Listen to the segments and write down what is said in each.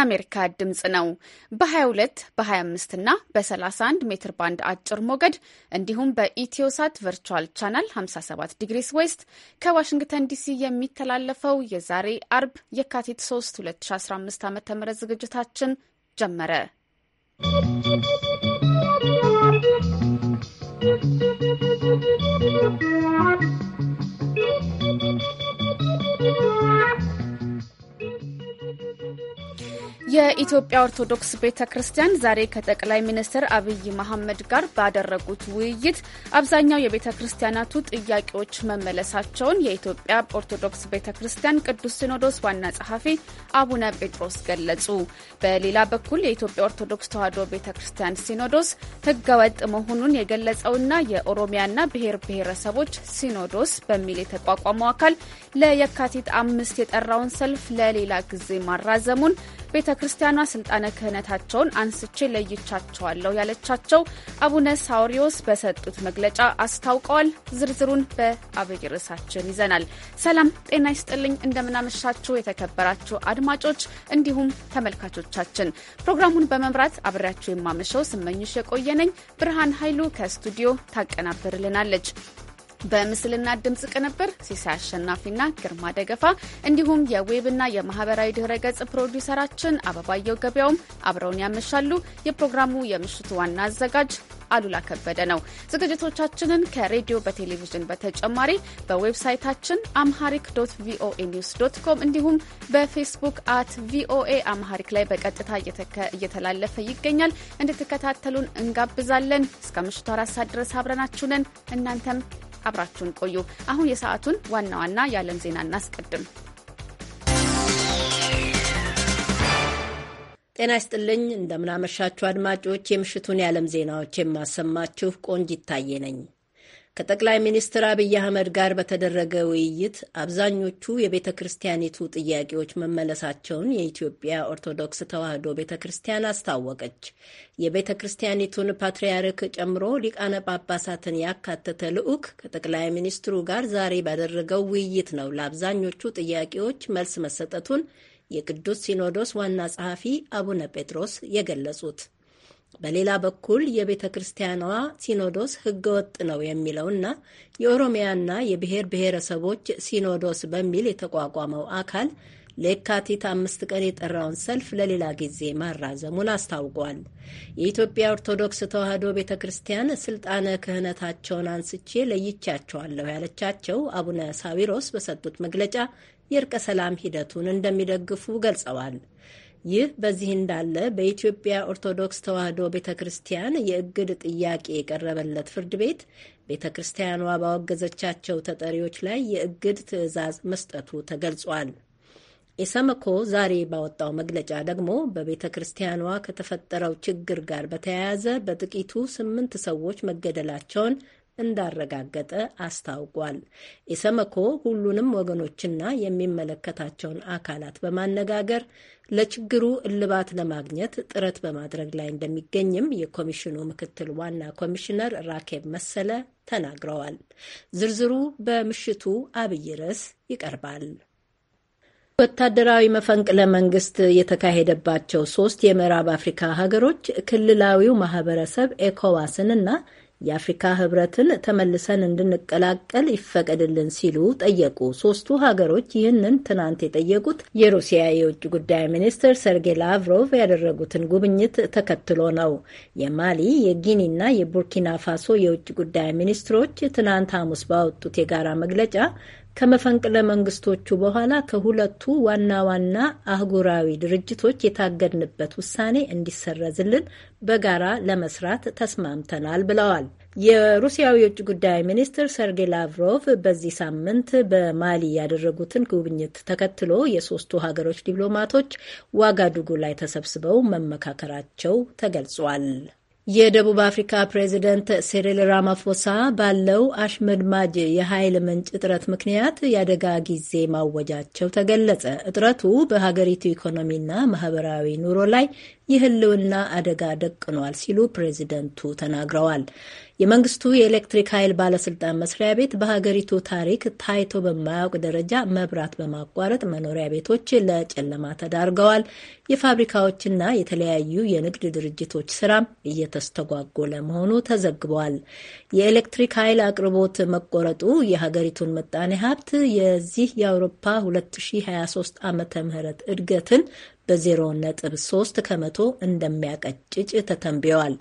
የአሜሪካ ድምፅ ነው። በ22 በ25 እና በ31 ሜትር ባንድ አጭር ሞገድ እንዲሁም በኢትዮሳት ቨርቹዋል ቻናል 57 ዲግሪስ ዌስት ከዋሽንግተን ዲሲ የሚተላለፈው የዛሬ አርብ የካቲት 3 2015 ዓ ም ዝግጅታችን ጀመረ። ¶¶ የኢትዮጵያ ኦርቶዶክስ ቤተ ክርስቲያን ዛሬ ከጠቅላይ ሚኒስትር አብይ መሐመድ ጋር ባደረጉት ውይይት አብዛኛው የቤተ ክርስቲያናቱ ጥያቄዎች መመለሳቸውን የኢትዮጵያ ኦርቶዶክስ ቤተ ክርስቲያን ቅዱስ ሲኖዶስ ዋና ጸሐፊ አቡነ ጴጥሮስ ገለጹ። በሌላ በኩል የኢትዮጵያ ኦርቶዶክስ ተዋሕዶ ቤተ ክርስቲያን ሲኖዶስ ሕገወጥ መሆኑን የገለጸውና የኦሮሚያና ብሔር ብሔረሰቦች ሲኖዶስ በሚል የተቋቋመው አካል ለየካቲት አምስት የጠራውን ሰልፍ ለሌላ ጊዜ ማራዘሙን ቤተ ክርስቲያኗ ስልጣነ ክህነታቸውን አንስቼ ለይቻቸዋለሁ ያለቻቸው አቡነ ሳውሪዮስ በሰጡት መግለጫ አስታውቀዋል። ዝርዝሩን በአብይ ርዕሳችን ይዘናል። ሰላም ጤና ይስጥልኝ። እንደምናመሻችሁ የተከበራችሁ አድማጮች እንዲሁም ተመልካቾቻችን ፕሮግራሙን በመምራት አብሬያችሁ የማመሸው ስመኝሽ የቆየነኝ ብርሃን ኃይሉ ከስቱዲዮ ታቀናብርልናለች። በምስልና ድምፅ ቅንብር ሲሳይ አሸናፊና ግርማ ደገፋ እንዲሁም የዌብና የማህበራዊ ድህረ ገጽ ፕሮዲውሰራችን አበባየው ገበያውም አብረውን ያመሻሉ። የፕሮግራሙ የምሽቱ ዋና አዘጋጅ አሉላ ከበደ ነው። ዝግጅቶቻችንን ከሬዲዮ በቴሌቪዥን በተጨማሪ በዌብሳይታችን አምሃሪክ ዶት ቪኦኤ ኒውስ ዶት ኮም እንዲሁም በፌስቡክ አት ቪኦኤ አምሃሪክ ላይ በቀጥታ እየተላለፈ ይገኛል። እንድትከታተሉን እንጋብዛለን። እስከ ምሽቱ አራት ሰዓት ድረስ አብረናችሁንን እናንተም አብራችሁን ቆዩ። አሁን የሰዓቱን ዋና ዋና የዓለም ዜና እናስቀድም። ጤና ይስጥልኝ፣ እንደምናመሻችሁ አድማጮች። የምሽቱን የዓለም ዜናዎች የማሰማችሁ ቆንጅ ይታየ ነኝ። ከጠቅላይ ሚኒስትር አብይ አህመድ ጋር በተደረገ ውይይት አብዛኞቹ የቤተ ክርስቲያኒቱ ጥያቄዎች መመለሳቸውን የኢትዮጵያ ኦርቶዶክስ ተዋሕዶ ቤተ ክርስቲያን አስታወቀች። የቤተ ክርስቲያኒቱን ፓትርያርክ ጨምሮ ሊቃነ ጳጳሳትን ያካተተ ልዑክ ከጠቅላይ ሚኒስትሩ ጋር ዛሬ ባደረገው ውይይት ነው ለአብዛኞቹ ጥያቄዎች መልስ መሰጠቱን የቅዱስ ሲኖዶስ ዋና ጸሐፊ አቡነ ጴጥሮስ የገለጹት። በሌላ በኩል የቤተ ክርስቲያኗ ሲኖዶስ ህገወጥ ነው የሚለውና የኦሮሚያና የብሔር ብሔረሰቦች ሲኖዶስ በሚል የተቋቋመው አካል ለየካቲት አምስት ቀን የጠራውን ሰልፍ ለሌላ ጊዜ ማራዘሙን አስታውቋል። የኢትዮጵያ ኦርቶዶክስ ተዋሕዶ ቤተ ክርስቲያን ስልጣነ ክህነታቸውን አንስቼ ለይቻቸዋለሁ ያለቻቸው አቡነ ሳዊሮስ በሰጡት መግለጫ የእርቀ ሰላም ሂደቱን እንደሚደግፉ ገልጸዋል። ይህ በዚህ እንዳለ በኢትዮጵያ ኦርቶዶክስ ተዋሕዶ ቤተ ክርስቲያን የእግድ ጥያቄ የቀረበለት ፍርድ ቤት ቤተ ክርስቲያኗ ባወገዘቻቸው ተጠሪዎች ላይ የእግድ ትዕዛዝ መስጠቱ ተገልጿል። ኢሰመኮ ዛሬ ባወጣው መግለጫ ደግሞ በቤተ ክርስቲያኗ ከተፈጠረው ችግር ጋር በተያያዘ በጥቂቱ ስምንት ሰዎች መገደላቸውን እንዳረጋገጠ አስታውቋል። ኢሰመኮ ሁሉንም ወገኖችና የሚመለከታቸውን አካላት በማነጋገር ለችግሩ እልባት ለማግኘት ጥረት በማድረግ ላይ እንደሚገኝም የኮሚሽኑ ምክትል ዋና ኮሚሽነር ራኬብ መሰለ ተናግረዋል። ዝርዝሩ በምሽቱ አብይ ርዕስ ይቀርባል። ወታደራዊ መፈንቅለ መንግስት የተካሄደባቸው ሶስት የምዕራብ አፍሪካ ሀገሮች ክልላዊው ማህበረሰብ ኤኮዋስንና የአፍሪካ ህብረትን ተመልሰን እንድንቀላቀል ይፈቀድልን ሲሉ ጠየቁ። ሶስቱ ሀገሮች ይህንን ትናንት የጠየቁት የሩሲያ የውጭ ጉዳይ ሚኒስትር ሰርጌይ ላቭሮቭ ያደረጉትን ጉብኝት ተከትሎ ነው። የማሊ የጊኒና የቡርኪና ፋሶ የውጭ ጉዳይ ሚኒስትሮች ትናንት ሐሙስ ባወጡት የጋራ መግለጫ ከመፈንቅለ መንግስቶቹ በኋላ ከሁለቱ ዋና ዋና አህጉራዊ ድርጅቶች የታገድንበት ውሳኔ እንዲሰረዝልን በጋራ ለመስራት ተስማምተናል ብለዋል። የሩሲያው የውጭ ጉዳይ ሚኒስትር ሰርጌይ ላቭሮቭ በዚህ ሳምንት በማሊ ያደረጉትን ጉብኝት ተከትሎ የሶስቱ ሀገሮች ዲፕሎማቶች ዋጋዱጉ ላይ ተሰብስበው መመካከራቸው ተገልጿል። የደቡብ አፍሪካ ፕሬዚደንት ሴሪል ራማፎሳ ባለው አሽመድማጅ የኃይል ምንጭ እጥረት ምክንያት የአደጋ ጊዜ ማወጃቸው ተገለጸ። እጥረቱ በሀገሪቱ ኢኮኖሚና ማህበራዊ ኑሮ ላይ የህልውና አደጋ ደቅኗል ሲሉ ፕሬዚደንቱ ተናግረዋል። የመንግስቱ የኤሌክትሪክ ኃይል ባለስልጣን መስሪያ ቤት በሀገሪቱ ታሪክ ታይቶ በማያውቅ ደረጃ መብራት በማቋረጥ መኖሪያ ቤቶች ለጨለማ ተዳርገዋል፣ የፋብሪካዎችና የተለያዩ የንግድ ድርጅቶች ስራም እየተስተጓጎለ መሆኑ ተዘግበዋል። የኤሌክትሪክ ኃይል አቅርቦት መቆረጡ የሀገሪቱን ምጣኔ ሀብት የዚህ የአውሮፓ 2023 ዓመተ ምህረት እድገትን በ0.3 ከመቶ እንደሚያቀጭጭ ተተንብየዋል።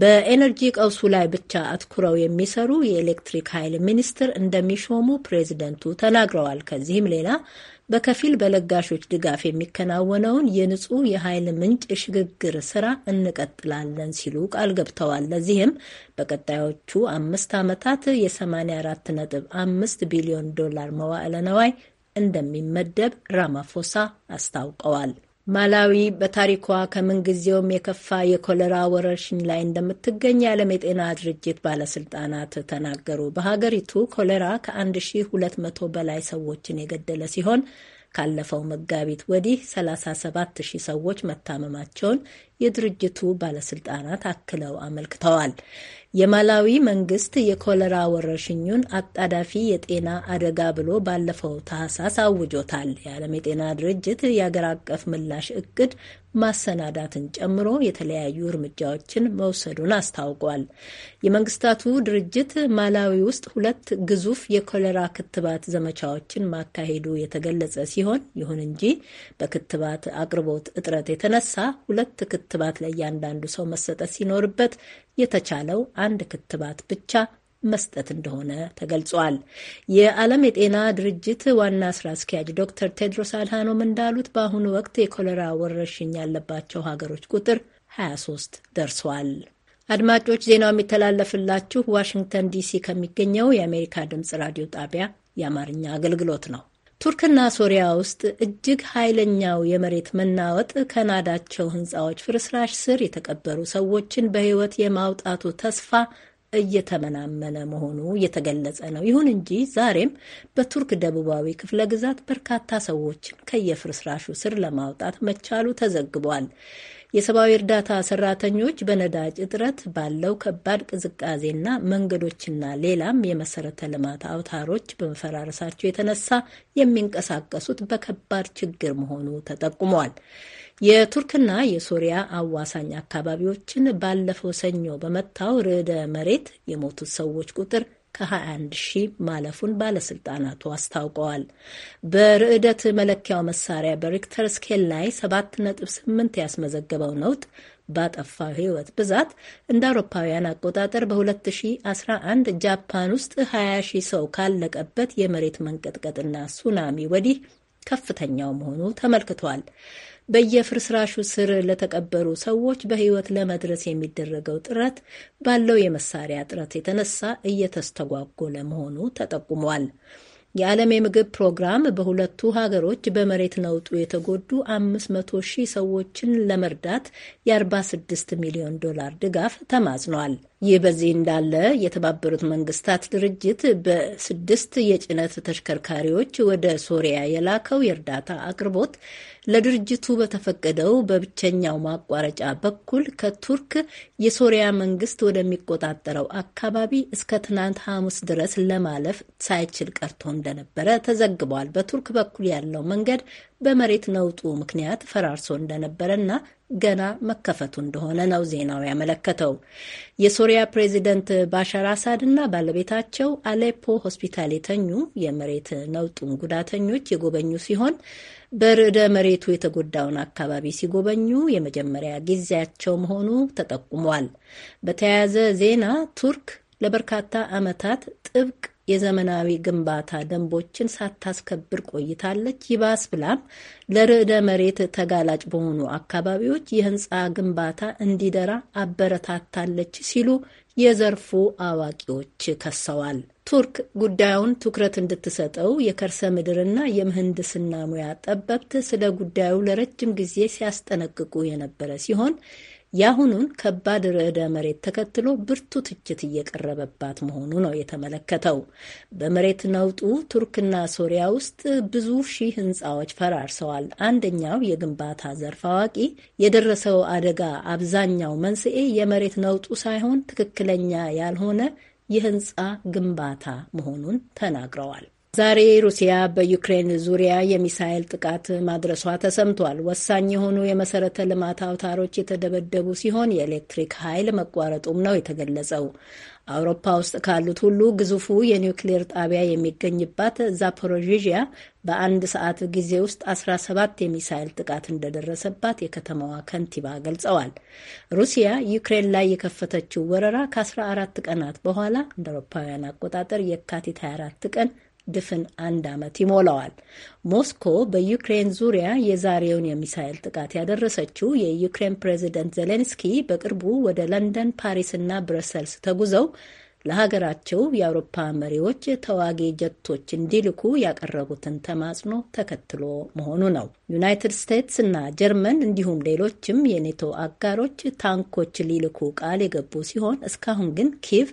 በኤነርጂ ቀውሱ ላይ ብቻ አትኩረው የሚሰሩ የኤሌክትሪክ ኃይል ሚኒስትር እንደሚሾሙ ፕሬዚደንቱ ተናግረዋል። ከዚህም ሌላ በከፊል በለጋሾች ድጋፍ የሚከናወነውን የንጹህ የኃይል ምንጭ ሽግግር ስራ እንቀጥላለን ሲሉ ቃል ገብተዋል። ለዚህም በቀጣዮቹ አምስት ዓመታት የ84 ነጥብ አምስት ቢሊዮን ዶላር መዋዕለ ነዋይ እንደሚመደብ ራማፎሳ አስታውቀዋል። ማላዊ በታሪኳ ከምንጊዜውም የከፋ የኮለራ ወረርሽኝ ላይ እንደምትገኝ የዓለም የጤና ድርጅት ባለስልጣናት ተናገሩ። በሀገሪቱ ኮሌራ ከ1200 በላይ ሰዎችን የገደለ ሲሆን ካለፈው መጋቢት ወዲህ 37 ሺህ ሰዎች መታመማቸውን የድርጅቱ ባለስልጣናት አክለው አመልክተዋል። የማላዊ መንግስት የኮለራ ወረርሽኙን አጣዳፊ የጤና አደጋ ብሎ ባለፈው ታህሳስ አውጆታል። የዓለም የጤና ድርጅት የአገር አቀፍ ምላሽ እቅድ ማሰናዳትን ጨምሮ የተለያዩ እርምጃዎችን መውሰዱን አስታውቋል። የመንግስታቱ ድርጅት ማላዊ ውስጥ ሁለት ግዙፍ የኮለራ ክትባት ዘመቻዎችን ማካሄዱ የተገለጸ ሲሆን ይሁን እንጂ በክትባት አቅርቦት እጥረት የተነሳ ሁለት ክትባት ለእያንዳንዱ ሰው መሰጠት ሲኖርበት የተቻለው አንድ ክትባት ብቻ መስጠት እንደሆነ ተገልጿል። የዓለም የጤና ድርጅት ዋና ስራ አስኪያጅ ዶክተር ቴድሮስ አድሃኖም እንዳሉት በአሁኑ ወቅት የኮሌራ ወረርሽኝ ያለባቸው ሀገሮች ቁጥር 23 ደርሷል። አድማጮች ዜናው የሚተላለፍላችሁ ዋሽንግተን ዲሲ ከሚገኘው የአሜሪካ ድምፅ ራዲዮ ጣቢያ የአማርኛ አገልግሎት ነው። ቱርክና ሶሪያ ውስጥ እጅግ ኃይለኛው የመሬት መናወጥ ከናዳቸው ህንፃዎች ፍርስራሽ ስር የተቀበሩ ሰዎችን በህይወት የማውጣቱ ተስፋ እየተመናመነ መሆኑ እየተገለጸ ነው። ይሁን እንጂ ዛሬም በቱርክ ደቡባዊ ክፍለ ግዛት በርካታ ሰዎችን ከየፍርስራሹ ስር ለማውጣት መቻሉ ተዘግቧል። የሰብአዊ እርዳታ ሰራተኞች በነዳጅ እጥረት ባለው ከባድ ቅዝቃዜና መንገዶችና ሌላም የመሰረተ ልማት አውታሮች በመፈራረሳቸው የተነሳ የሚንቀሳቀሱት በከባድ ችግር መሆኑ ተጠቁመዋል። የቱርክና የሶሪያ አዋሳኝ አካባቢዎችን ባለፈው ሰኞ በመታው ርዕደ መሬት የሞቱት ሰዎች ቁጥር ከ21 ሺህ ማለፉን ባለስልጣናቱ አስታውቀዋል። በርዕደት መለኪያው መሳሪያ በሪክተር ስኬል ላይ 7.8 ያስመዘገበው ነውጥ ባጠፋው ሕይወት ብዛት እንደ አውሮፓውያን አቆጣጠር በ2011 ጃፓን ውስጥ 20 ሺህ ሰው ካለቀበት የመሬት መንቀጥቀጥና ሱናሚ ወዲህ ከፍተኛው መሆኑ ተመልክቷል። በየፍርስራሹ ስር ለተቀበሩ ሰዎች በሕይወት ለመድረስ የሚደረገው ጥረት ባለው የመሳሪያ ጥረት የተነሳ እየተስተጓጎለ መሆኑ ተጠቁሟል። የዓለም የምግብ ፕሮግራም በሁለቱ ሀገሮች በመሬት ነውጡ የተጎዱ 500 ሺህ ሰዎችን ለመርዳት የ46 ሚሊዮን ዶላር ድጋፍ ተማጽኗል። ይህ በዚህ እንዳለ የተባበሩት መንግስታት ድርጅት በስድስት የጭነት ተሽከርካሪዎች ወደ ሶሪያ የላከው የእርዳታ አቅርቦት ለድርጅቱ በተፈቀደው በብቸኛው ማቋረጫ በኩል ከቱርክ የሶሪያ መንግስት ወደሚቆጣጠረው አካባቢ እስከ ትናንት ሐሙስ ድረስ ለማለፍ ሳይችል ቀርቶ እንደነበረ ተዘግቧል። በቱርክ በኩል ያለው መንገድ በመሬት ነውጡ ምክንያት ፈራርሶ እንደነበረና ገና መከፈቱ እንደሆነ ነው ዜናው ያመለከተው። የሶሪያ ፕሬዚደንት ባሻር አሳድ እና ባለቤታቸው አሌፖ ሆስፒታል የተኙ የመሬት ነውጡን ጉዳተኞች የጎበኙ ሲሆን በርዕደ መሬቱ የተጎዳውን አካባቢ ሲጎበኙ የመጀመሪያ ጊዜያቸው መሆኑ ተጠቁሟል። በተያያዘ ዜና ቱርክ ለበርካታ ዓመታት ጥብቅ የዘመናዊ ግንባታ ደንቦችን ሳታስከብር ቆይታለች። ይባስ ብላም ለርዕደ መሬት ተጋላጭ በሆኑ አካባቢዎች የህንፃ ግንባታ እንዲደራ አበረታታለች ሲሉ የዘርፉ አዋቂዎች ከሰዋል። ቱርክ ጉዳዩን ትኩረት እንድትሰጠው የከርሰ ምድርና የምህንድስና ሙያ ጠበብት ስለ ጉዳዩ ለረጅም ጊዜ ሲያስጠነቅቁ የነበረ ሲሆን የአሁኑን ከባድ ርዕደ መሬት ተከትሎ ብርቱ ትችት እየቀረበባት መሆኑ ነው የተመለከተው። በመሬት ነውጡ ቱርክና ሶሪያ ውስጥ ብዙ ሺህ ህንፃዎች ፈራርሰዋል። አንደኛው የግንባታ ዘርፍ አዋቂ የደረሰው አደጋ አብዛኛው መንስኤ የመሬት ነውጡ ሳይሆን ትክክለኛ ያልሆነ የህንፃ ግንባታ መሆኑን ተናግረዋል። ዛሬ ሩሲያ በዩክሬን ዙሪያ የሚሳኤል ጥቃት ማድረሷ ተሰምቷል። ወሳኝ የሆኑ የመሰረተ ልማት አውታሮች የተደበደቡ ሲሆን የኤሌክትሪክ ኃይል መቋረጡም ነው የተገለጸው። አውሮፓ ውስጥ ካሉት ሁሉ ግዙፉ የኒውክሌር ጣቢያ የሚገኝባት ዛፖሮዥያ በአንድ ሰዓት ጊዜ ውስጥ 17 የሚሳይል ጥቃት እንደደረሰባት የከተማዋ ከንቲባ ገልጸዋል። ሩሲያ ዩክሬን ላይ የከፈተችው ወረራ ከ14 ቀናት በኋላ እንደ አውሮፓውያን አቆጣጠር የካቲት 24 ቀን ድፍን አንድ ዓመት ይሞላዋል። ሞስኮ በዩክሬን ዙሪያ የዛሬውን የሚሳኤል ጥቃት ያደረሰችው የዩክሬን ፕሬዚደንት ዜሌንስኪ በቅርቡ ወደ ለንደን፣ ፓሪስና ብረሰልስ ተጉዘው ለሀገራቸው የአውሮፓ መሪዎች ተዋጊ ጀቶች እንዲልኩ ያቀረቡትን ተማጽኖ ተከትሎ መሆኑ ነው። ዩናይትድ ስቴትስ እና ጀርመን እንዲሁም ሌሎችም የኔቶ አጋሮች ታንኮች ሊልኩ ቃል የገቡ ሲሆን እስካሁን ግን ኪቭ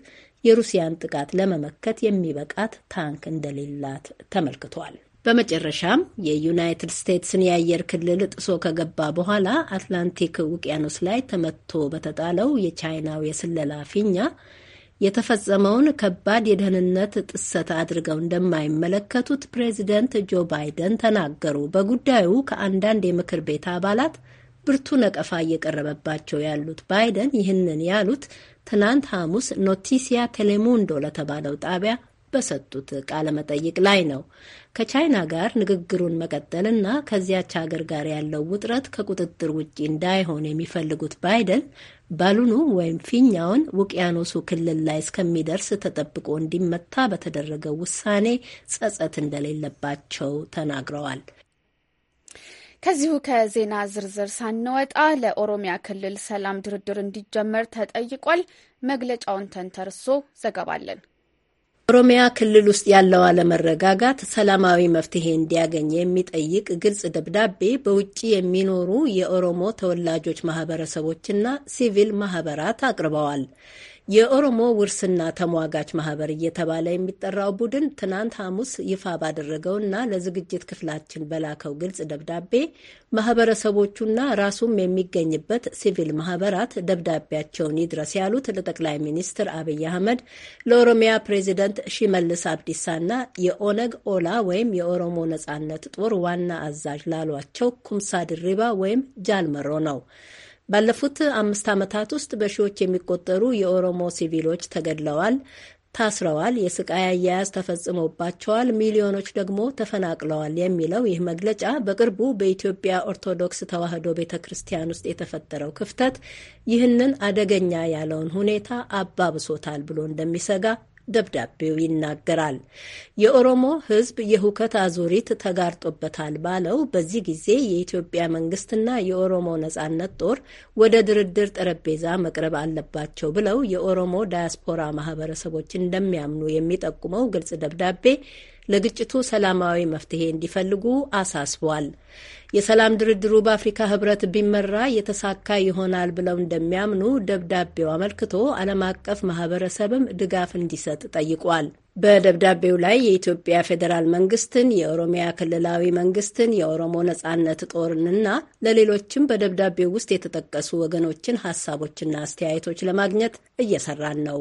የሩሲያን ጥቃት ለመመከት የሚበቃት ታንክ እንደሌላት ተመልክቷል። በመጨረሻም የዩናይትድ ስቴትስን የአየር ክልል ጥሶ ከገባ በኋላ አትላንቲክ ውቅያኖስ ላይ ተመቶ በተጣለው የቻይናው የስለላ ፊኛ የተፈጸመውን ከባድ የደህንነት ጥሰት አድርገው እንደማይመለከቱት ፕሬዚደንት ጆ ባይደን ተናገሩ። በጉዳዩ ከአንዳንድ የምክር ቤት አባላት ብርቱ ነቀፋ እየቀረበባቸው ያሉት ባይደን ይህንን ያሉት ትናንት ሐሙስ ኖቲሲያ ቴሌሙንዶ ለተባለው ጣቢያ በሰጡት ቃለ መጠይቅ ላይ ነው። ከቻይና ጋር ንግግሩን መቀጠልና ከዚያች ሀገር ጋር ያለው ውጥረት ከቁጥጥር ውጪ እንዳይሆን የሚፈልጉት ባይደን ባሉኑ ወይም ፊኛውን ውቅያኖሱ ክልል ላይ እስከሚደርስ ተጠብቆ እንዲመታ በተደረገው ውሳኔ ጸጸት እንደሌለባቸው ተናግረዋል። ከዚሁ ከዜና ዝርዝር ሳንወጣ ለኦሮሚያ ክልል ሰላም ድርድር እንዲጀመር ተጠይቋል። መግለጫውን ተንተርሶ ዘገባለን። ኦሮሚያ ክልል ውስጥ ያለው አለመረጋጋት ሰላማዊ መፍትሄ እንዲያገኝ የሚጠይቅ ግልጽ ደብዳቤ በውጭ የሚኖሩ የኦሮሞ ተወላጆች ማህበረሰቦችና ሲቪል ማህበራት አቅርበዋል። የኦሮሞ ውርስና ተሟጋች ማህበር እየተባለ የሚጠራው ቡድን ትናንት ሐሙስ ይፋ ባደረገውና ለዝግጅት ክፍላችን በላከው ግልጽ ደብዳቤ ማህበረሰቦቹና ራሱም የሚገኝበት ሲቪል ማህበራት ደብዳቤያቸውን ይድረስ ያሉት ለጠቅላይ ሚኒስትር አብይ አህመድ፣ ለኦሮሚያ ፕሬዚደንት ሺመልስ አብዲሳና የኦነግ ኦላ ወይም የኦሮሞ ነጻነት ጦር ዋና አዛዥ ላሏቸው ኩምሳ ድሪባ ወይም ጃልመሮ ነው። ባለፉት አምስት ዓመታት ውስጥ በሺዎች የሚቆጠሩ የኦሮሞ ሲቪሎች ተገድለዋል፣ ታስረዋል፣ የስቃይ አያያዝ ተፈጽሞባቸዋል፣ ሚሊዮኖች ደግሞ ተፈናቅለዋል የሚለው ይህ መግለጫ በቅርቡ በኢትዮጵያ ኦርቶዶክስ ተዋሕዶ ቤተ ክርስቲያን ውስጥ የተፈጠረው ክፍተት ይህንን አደገኛ ያለውን ሁኔታ አባብሶታል ብሎ እንደሚሰጋ ደብዳቤው ይናገራል። የኦሮሞ ሕዝብ የሁከት አዙሪት ተጋርጦበታል ባለው በዚህ ጊዜ የኢትዮጵያ መንግስትና የኦሮሞ ነጻነት ጦር ወደ ድርድር ጠረጴዛ መቅረብ አለባቸው ብለው የኦሮሞ ዳያስፖራ ማህበረሰቦች እንደሚያምኑ የሚጠቁመው ግልጽ ደብዳቤ ለግጭቱ ሰላማዊ መፍትሄ እንዲፈልጉ አሳስቧል። የሰላም ድርድሩ በአፍሪካ ህብረት ቢመራ የተሳካ ይሆናል ብለው እንደሚያምኑ ደብዳቤው አመልክቶ ዓለም አቀፍ ማህበረሰብም ድጋፍ እንዲሰጥ ጠይቋል። በደብዳቤው ላይ የኢትዮጵያ ፌዴራል መንግስትን፣ የኦሮሚያ ክልላዊ መንግስትን፣ የኦሮሞ ነጻነት ጦርንና ለሌሎችም በደብዳቤው ውስጥ የተጠቀሱ ወገኖችን ሀሳቦችና አስተያየቶች ለማግኘት እየሰራን ነው።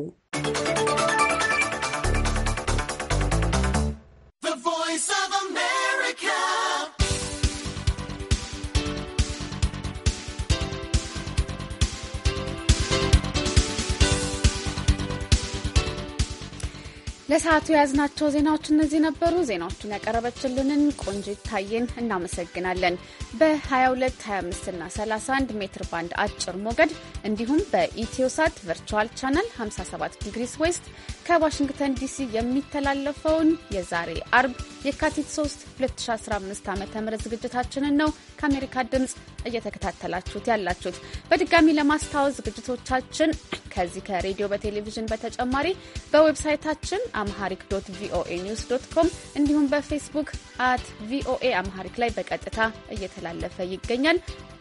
ለሰዓቱ የያዝናቸው ዜናዎች እነዚህ ነበሩ። ዜናዎቹን ያቀረበችልንን ቆንጂት ይታየን እናመሰግናለን። በ22፣ 25 ና 31 ሜትር ባንድ አጭር ሞገድ እንዲሁም በኢትዮሳት ቨርቹዋል ቻናል 57 ዲግሪስ ዌስት ከዋሽንግተን ዲሲ የሚተላለፈውን የዛሬ አርብ የካቲት 3 2015 ዓ ም ዝግጅታችንን ነው ከአሜሪካ ድምፅ እየተከታተላችሁት ያላችሁት። በድጋሚ ለማስታወስ ዝግጅቶቻችን ከዚህ ከሬዲዮ በቴሌቪዥን በተጨማሪ በዌብሳይታችን አምሃሪክ ዶት ቪኦኤ ኒውስ ዶት ኮም እንዲሁም በፌስቡክ አት ቪኦኤ አምሃሪክ ላይ በቀጥታ እየተላለፈ ይገኛል።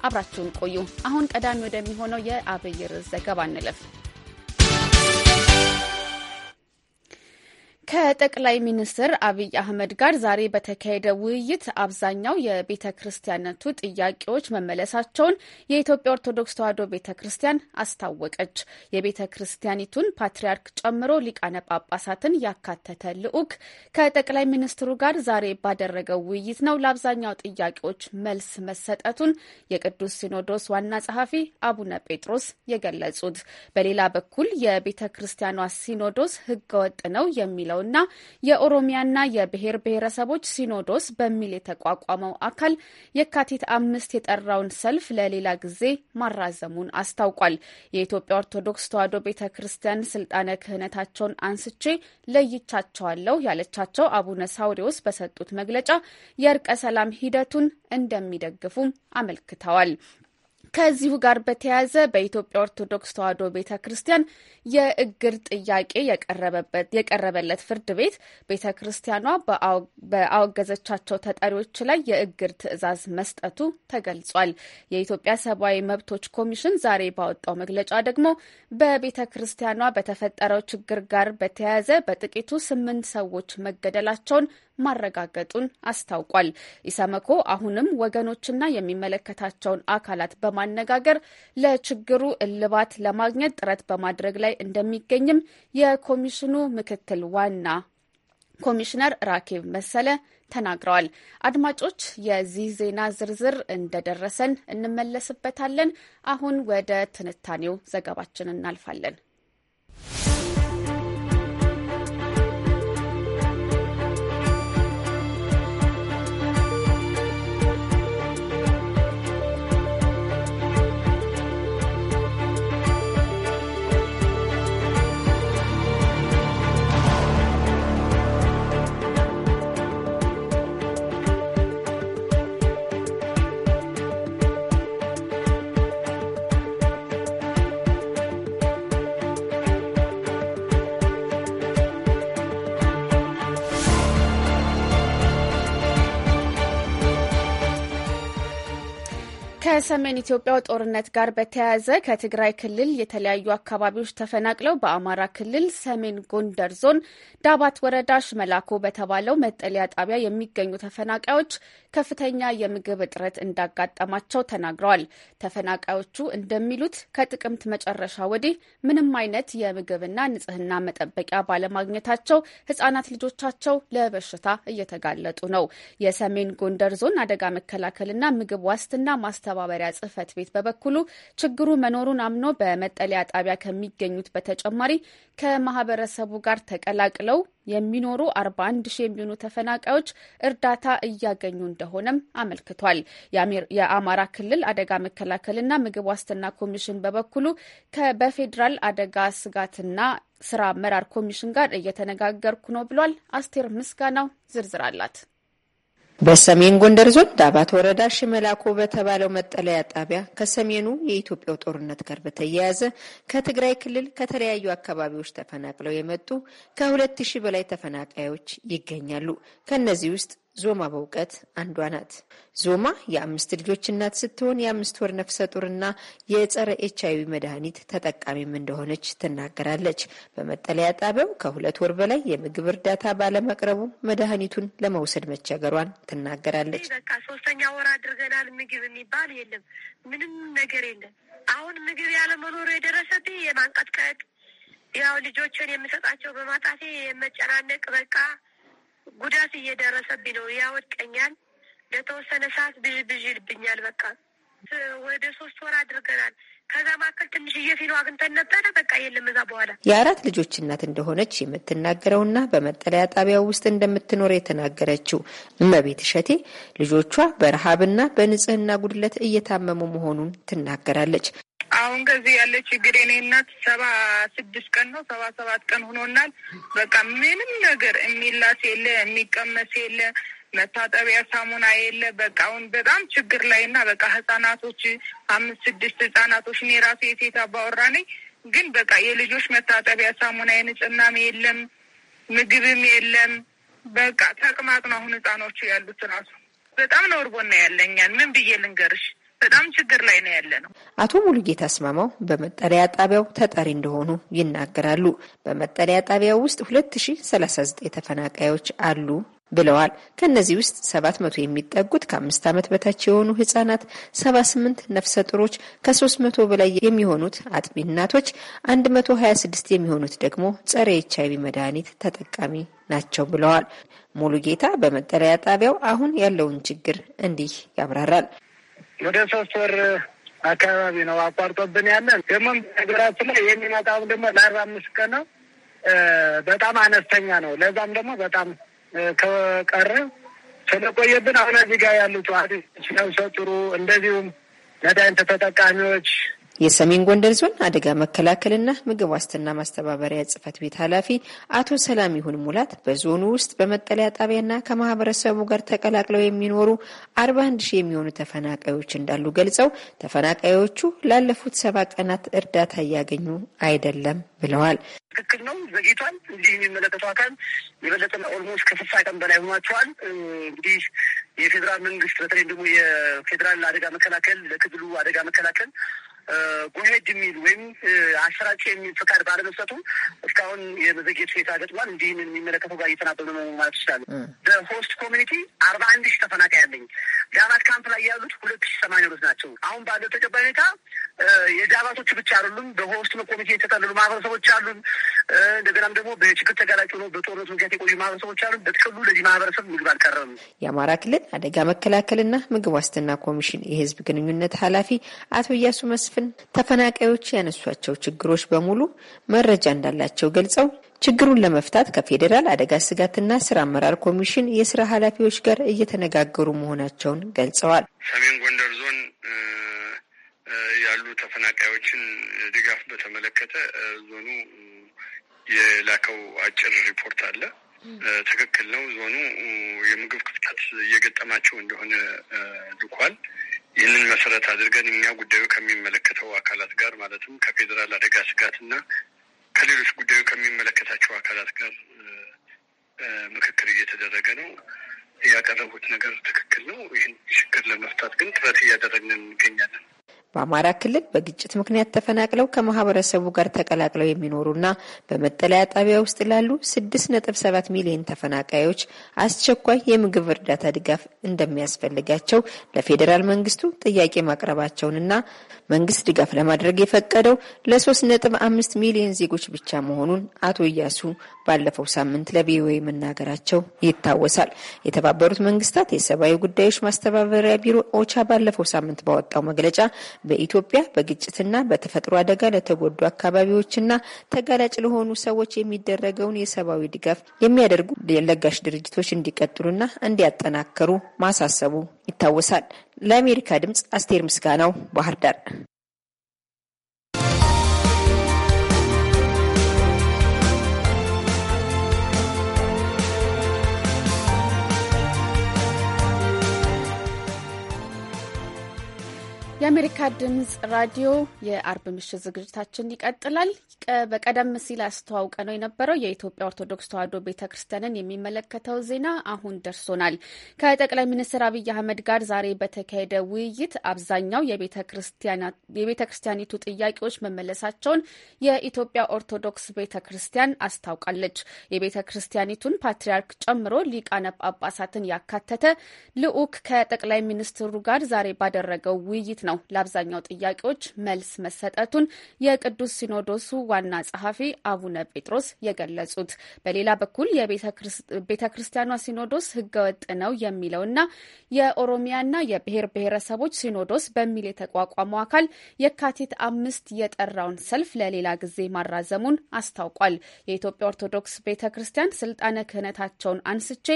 አብራችሁን ቆዩ። አሁን ቀዳሚ ወደሚሆነው የአብይር ዘገባ እንለፍ። ከጠቅላይ ሚኒስትር አብይ አህመድ ጋር ዛሬ በተካሄደ ውይይት አብዛኛው የቤተ ክርስቲያነቱ ጥያቄዎች መመለሳቸውን የኢትዮጵያ ኦርቶዶክስ ተዋሕዶ ቤተ ክርስቲያን አስታወቀች። የቤተ ክርስቲያኒቱን ፓትርያርክ ጨምሮ ሊቃነ ጳጳሳትን ያካተተ ልዑክ ከጠቅላይ ሚኒስትሩ ጋር ዛሬ ባደረገው ውይይት ነው ለአብዛኛው ጥያቄዎች መልስ መሰጠቱን የቅዱስ ሲኖዶስ ዋና ጸሐፊ አቡነ ጴጥሮስ የገለጹት። በሌላ በኩል የቤተ ክርስቲያኗ ሲኖዶስ ህገወጥ ነው የሚለው ያለውና የኦሮሚያና የብሔር ብሔረሰቦች ሲኖዶስ በሚል የተቋቋመው አካል የካቲት አምስት የጠራውን ሰልፍ ለሌላ ጊዜ ማራዘሙን አስታውቋል። የኢትዮጵያ ኦርቶዶክስ ተዋሕዶ ቤተ ክርስቲያን ስልጣነ ክህነታቸውን አንስቼ ለይቻቸዋለሁ ያለቻቸው አቡነ ሳውሪዎስ በሰጡት መግለጫ የእርቀ ሰላም ሂደቱን እንደሚደግፉም አመልክተዋል። ከዚሁ ጋር በተያያዘ በኢትዮጵያ ኦርቶዶክስ ተዋሕዶ ቤተ ክርስቲያን የእግር ጥያቄ የቀረበለት ፍርድ ቤት ቤተ ክርስቲያኗ በአወገዘቻቸው ተጠሪዎች ላይ የእግር ትዕዛዝ መስጠቱ ተገልጿል። የኢትዮጵያ ሰብአዊ መብቶች ኮሚሽን ዛሬ ባወጣው መግለጫ ደግሞ በቤተ ክርስቲያኗ በተፈጠረው ችግር ጋር በተያያዘ በጥቂቱ ስምንት ሰዎች መገደላቸውን ማረጋገጡን አስታውቋል። ኢሰመኮ አሁንም ወገኖችና የሚመለከታቸውን አካላት በማነጋገር ለችግሩ እልባት ለማግኘት ጥረት በማድረግ ላይ እንደሚገኝም የኮሚሽኑ ምክትል ዋና ኮሚሽነር ራኬብ መሰለ ተናግረዋል። አድማጮች፣ የዚህ ዜና ዝርዝር እንደደረሰን እንመለስበታለን። አሁን ወደ ትንታኔው ዘገባችን እናልፋለን። ከሰሜን ኢትዮጵያው ጦርነት ጋር በተያያዘ ከትግራይ ክልል የተለያዩ አካባቢዎች ተፈናቅለው በአማራ ክልል ሰሜን ጎንደር ዞን ዳባት ወረዳ ሽመላኮ በተባለው መጠለያ ጣቢያ የሚገኙ ተፈናቃዮች ከፍተኛ የምግብ እጥረት እንዳጋጠማቸው ተናግረዋል። ተፈናቃዮቹ እንደሚሉት ከጥቅምት መጨረሻ ወዲህ ምንም አይነት የምግብና ንጽህና መጠበቂያ ባለማግኘታቸው ህጻናት ልጆቻቸው ለበሽታ እየተጋለጡ ነው። የሰሜን ጎንደር ዞን አደጋ መከላከልና ምግብ ዋስትና ማስተባበሪያ ጽህፈት ቤት በበኩሉ ችግሩ መኖሩን አምኖ በመጠለያ ጣቢያ ከሚገኙት በተጨማሪ ከማህበረሰቡ ጋር ተቀላቅለው የሚኖሩ 41 ሺህ የሚሆኑ ተፈናቃዮች እርዳታ እያገኙ እንደሆነም አመልክቷል። የአማራ ክልል አደጋ መከላከልና ምግብ ዋስትና ኮሚሽን በበኩሉ በፌዴራል አደጋ ስጋትና ስራ አመራር ኮሚሽን ጋር እየተነጋገርኩ ነው ብሏል። አስቴር ምስጋናው ዝርዝር አላት። በሰሜን ጎንደር ዞን ዳባት ወረዳ ሽመላኮ በተባለው መጠለያ ጣቢያ ከሰሜኑ የኢትዮጵያው ጦርነት ጋር በተያያዘ ከትግራይ ክልል ከተለያዩ አካባቢዎች ተፈናቅለው የመጡ ከሁለት ሺህ በላይ ተፈናቃዮች ይገኛሉ። ከእነዚህ ውስጥ ዞማ በእውቀት አንዷ ናት። ዞማ የአምስት ልጆች እናት ስትሆን የአምስት ወር ነፍሰ ጡርና የጸረ ኤች አይቪ መድኃኒት ተጠቃሚም እንደሆነች ትናገራለች። በመጠለያ ጣቢያው ከሁለት ወር በላይ የምግብ እርዳታ ባለመቅረቡ መድኃኒቱን ለመውሰድ መቸገሯን ትናገራለች። በቃ ሶስተኛ ወር አድርገናል። ምግብ የሚባል የለም፣ ምንም ነገር የለም። አሁን ምግብ ያለመኖሩ የደረሰብኝ የማንቀጥቀጥ ያው ልጆችን የምሰጣቸው በማጣቴ የመጨናነቅ በቃ ጉዳት እየደረሰብኝ ነው። ያወድቀኛል። ለተወሰነ ሰዓት ብዥ ብዥ ይልብኛል። በቃ ወደ ሶስት ወር አድርገናል። ከዛ መካከል ትንሽ ፊኖ አግኝተን ነበረ። በቃ የለም። እዛ በኋላ የአራት ልጆች እናት እንደሆነች የምትናገረውና በመጠለያ ጣቢያ ውስጥ እንደምትኖር የተናገረችው እመቤት እሸቴ ልጆቿ በረሃብና በንጽህና ጉድለት እየታመሙ መሆኑን ትናገራለች። አሁን ከዚህ ያለ ችግር የኔ እናት ሰባ ስድስት ቀን ነው ሰባ ሰባት ቀን ሆኖናል። በቃ ምንም ነገር የሚላስ የለ የሚቀመስ የለ መታጠቢያ ሳሙና የለ። በቃ አሁን በጣም ችግር ላይ እና በቃ ህጻናቶች አምስት ስድስት ህጻናቶች እኔ ራሴ የሴት አባወራ ነኝ። ግን በቃ የልጆች መታጠቢያ ሳሙና የንጽህናም የለም ምግብም የለም። በቃ ተቅማጥ ነው አሁን ህጻኖቹ ያሉት ራሱ በጣም ነው እርቦና ያለኛል። ምን ብዬ ልንገርሽ በጣም ችግር ላይ ነው ያለ ነው። አቶ ሙሉጌታ አስማማው በመጠለያ ጣቢያው ተጠሪ እንደሆኑ ይናገራሉ። በመጠለያ ጣቢያው ውስጥ ሁለት ሺ ሰላሳ ዘጠኝ ተፈናቃዮች አሉ ብለዋል። ከእነዚህ ውስጥ ሰባት መቶ የሚጠጉት ከአምስት ዓመት በታች የሆኑ ህጻናት፣ ሰባ ስምንት ነፍሰ ጥሮች፣ ከሶስት መቶ በላይ የሚሆኑት አጥቢ እናቶች፣ አንድ መቶ ሀያ ስድስት የሚሆኑት ደግሞ ጸረ ኤች አይቪ መድኃኒት ተጠቃሚ ናቸው ብለዋል። ጌታ በመጠለያ ጣቢያው አሁን ያለውን ችግር እንዲህ ያብራራል። ወደ ሶስት ወር አካባቢ ነው አቋርጦብን ያለን። ደግሞ ነገራችን ላይ የሚመጣውም ደግሞ ለአርባ አምስት ቀን ነው። በጣም አነስተኛ ነው። ለዛም ደግሞ በጣም ከቀረ ስለቆየብን አሁን እዚህ ጋር ያሉት ሰው ጥሩ እንደዚሁም መድኃኒት ተጠቃሚዎች የሰሜን ጎንደር ዞን አደጋ መከላከልና ምግብ ዋስትና ማስተባበሪያ ጽህፈት ቤት ኃላፊ አቶ ሰላም ይሁን ሙላት በዞኑ ውስጥ በመጠለያ ጣቢያና ከማህበረሰቡ ጋር ተቀላቅለው የሚኖሩ አርባ አንድ ሺህ የሚሆኑ ተፈናቃዮች እንዳሉ ገልጸው ተፈናቃዮቹ ላለፉት ሰባ ቀናት እርዳታ እያገኙ አይደለም ብለዋል። ትክክል ነው፣ ዘግይቷል። እንዲህ የሚመለከተው አካል የበለጠ ኦልሞስት ከስልሳ ቀን በላይ ሆኗቸዋል። እንግዲህ የፌዴራል መንግስት በተለይም ደግሞ የፌዴራል አደጋ መከላከል ለክልሉ አደጋ መከላከል ጎሄድ የሚል ወይም አሰራጭ የሚል ፍቃድ ባለመስጠቱ እስካሁን የመዘግየት ሁኔታ ገጥሟል። እንዲህን የሚመለከተው ጋር እየተናበብ ነው ማለት ይችላሉ። በሆስት ኮሚኒቲ አርባ አንድ ሺህ ተፈናቃይ ያለኝ ዳባት ካምፕ ላይ ያሉት ሁለት ሺህ ሰማንያ ሁለት ናቸው። አሁን ባለው ተጨባጭ ሁኔታ የዳባቶቹ ብቻ አይደሉም። በሆስት ኮሚኒቲ የተጠለሉ ማህበረሰቦች አሉን። እንደገናም ደግሞ በችግር ተጋላጭ ሆኖ በጦርነቱ ምክንያት የቆዩ ማህበረሰቦች አሉን። በጥቅሉ ለዚህ ማህበረሰብ ምግብ አልቀረም። የአማራ ክልል አደጋ መከላከልና ምግብ ዋስትና ኮሚሽን የህዝብ ግንኙነት ኃላፊ አቶ እያሱ መስፍ ክፍል ተፈናቃዮች ያነሷቸው ችግሮች በሙሉ መረጃ እንዳላቸው ገልጸው ችግሩን ለመፍታት ከፌዴራል አደጋ ስጋትና ስራ አመራር ኮሚሽን የስራ ኃላፊዎች ጋር እየተነጋገሩ መሆናቸውን ገልጸዋል። ሰሜን ጎንደር ዞን ያሉ ተፈናቃዮችን ድጋፍ በተመለከተ ዞኑ የላከው አጭር ሪፖርት አለ። ትክክል ነው። ዞኑ የምግብ ክፍተት እየገጠማቸው እንደሆነ ልኳል። ይህንን መሰረት አድርገን እኛ ጉዳዩ ከሚመለከተው አካላት ጋር ማለትም ከፌዴራል አደጋ ስጋት እና ከሌሎች ጉዳዩ ከሚመለከታቸው አካላት ጋር ምክክር እየተደረገ ነው። ያቀረቡት ነገር ትክክል ነው። ይህን ችግር ለመፍታት ግን ጥረት እያደረግን እንገኛለን። በአማራ ክልል በግጭት ምክንያት ተፈናቅለው ከማህበረሰቡ ጋር ተቀላቅለው የሚኖሩና በመጠለያ ጣቢያ ውስጥ ላሉ 6.7 ሚሊዮን ተፈናቃዮች አስቸኳይ የምግብ እርዳታ ድጋፍ እንደሚያስፈልጋቸው ለፌዴራል መንግስቱ ጥያቄ ማቅረባቸውንና መንግስት ድጋፍ ለማድረግ የፈቀደው ለ3.5 ሚሊዮን ዜጎች ብቻ መሆኑን አቶ እያሱ ባለፈው ሳምንት ለቪኦኤ መናገራቸው ይታወሳል። የተባበሩት መንግስታት የሰብአዊ ጉዳዮች ማስተባበሪያ ቢሮ ኦቻ ባለፈው ሳምንት ባወጣው መግለጫ በኢትዮጵያ በግጭትና በተፈጥሮ አደጋ ለተጎዱ አካባቢዎችና ተጋላጭ ለሆኑ ሰዎች የሚደረገውን የሰብአዊ ድጋፍ የሚያደርጉ ለጋሽ ድርጅቶች እንዲቀጥሉና እንዲያጠናከሩ ማሳሰቡ ይታወሳል። ለአሜሪካ ድምጽ አስቴር ምስጋናው ባህር ዳር የአሜሪካ ድምፅ ራዲዮ የአርብ ምሽት ዝግጅታችን ይቀጥላል። በቀደም ሲል አስተዋውቀ ነው የነበረው የኢትዮጵያ ኦርቶዶክስ ተዋሕዶ ቤተ ክርስቲያንን የሚመለከተው ዜና አሁን ደርሶናል። ከጠቅላይ ሚኒስትር አብይ አህመድ ጋር ዛሬ በተካሄደ ውይይት አብዛኛው የቤተ ክርስቲያኒቱ ጥያቄዎች መመለሳቸውን የኢትዮጵያ ኦርቶዶክስ ቤተ ክርስቲያን አስታውቃለች። የቤተ ክርስቲያኒቱን ፓትርያርክ ጨምሮ ሊቃነ ጳጳሳትን ያካተተ ልዑክ ከጠቅላይ ሚኒስትሩ ጋር ዛሬ ባደረገው ውይይት ነው ነው። ለአብዛኛው ጥያቄዎች መልስ መሰጠቱን የቅዱስ ሲኖዶሱ ዋና ጸሐፊ አቡነ ጴጥሮስ የገለጹት። በሌላ በኩል የቤተ ክርስቲያኗ ሲኖዶስ ህገወጥ ነው የሚለውና የኦሮሚያና የብሔር ብሔረሰቦች ሲኖዶስ በሚል የተቋቋመው አካል የካቲት አምስት የጠራውን ሰልፍ ለሌላ ጊዜ ማራዘሙን አስታውቋል። የኢትዮጵያ ኦርቶዶክስ ቤተ ክርስቲያን ስልጣነ ክህነታቸውን አንስቼ